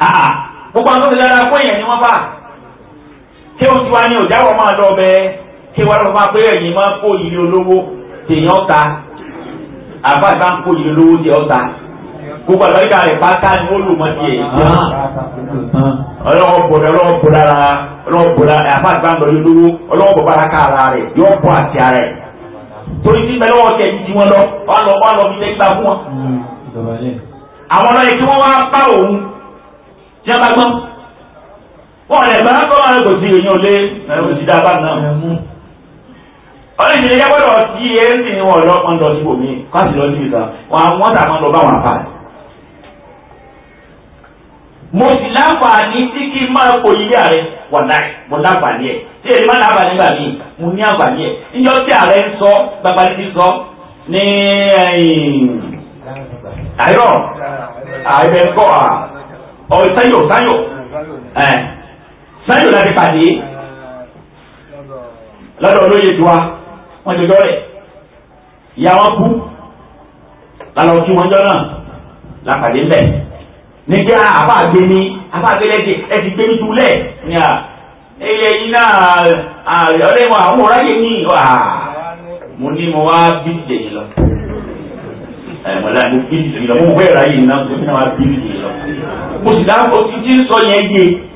B: ẹ̀ gbogbo àwọn tó ti dára fún èèyàn ni wọ́n bá tí ó ti wá ní òjáwọ̀ máa lọ bẹ tí wọ́n lọ máa pé ẹ̀yìn máa kó ìlú olówó tèèyàn ta àbá ìbá ń kó ìlú olówó tèèyàn ta gbogbo àlọ́ ìdá rẹ̀ pátá ni ó lò mọ́ tiẹ̀ ọlọ́wọ́ bọ̀dọ̀ ọlọ́wọ́ bọ̀dọ̀ ara. ọlọ́wọ́ bọ̀dá àfa àgbàǹdọ̀ yóò lówó ọlọ́wọ́ bọ̀ bára ká ara rẹ̀ yóò bọ̀ àti ara rẹ̀ torí tí bẹ́ẹ̀ lọ́wọ́ tẹ̀ wọn lọ wọn lọ wọn lọ gbà fún wọn. àwọn ọlọ́yẹ tí wọ́n wá bá òun tí wọ́n bá gbọ́n kọ́ èèyàn lé ọlọ́yẹ mo sì láǹfààní tí kí n máa kó yíyá rẹ wọ̀nà mo tí èyí má láǹfààní gbà mí mo ní àǹfààní níjọ́ tí ààrẹ ń sọ babalẹ̀ ti sọ ní àìrọ̀ àìbẹ̀kọ́ ọ̀ sáyò sáyò sáyò láti pàdé lọ́dọ̀ olóye ju wa wọ́n ti dọ́rẹ̀ ìyá wọn kú lálọ́ kí wọ́n jọ náà lápàdé ńlẹ̀ ní kí ah, àbá gbé ní àbá gbé lẹ́jẹ̀ ẹ ti gbé nítorí lẹ̀ ní à ilé yìí náà àyọ̀lẹ́ wọn àwọn ọ̀rá yìí ní ìwà mo ní mo wá bí jẹ̀yìn lọ ẹ̀mọ̀lá mo bí jẹ̀yìn lọ mo wẹ́ẹ̀rẹ̀ ayé náà mo fi náà wá lọ mo sì dáhùn ó ti sọ yẹn yé.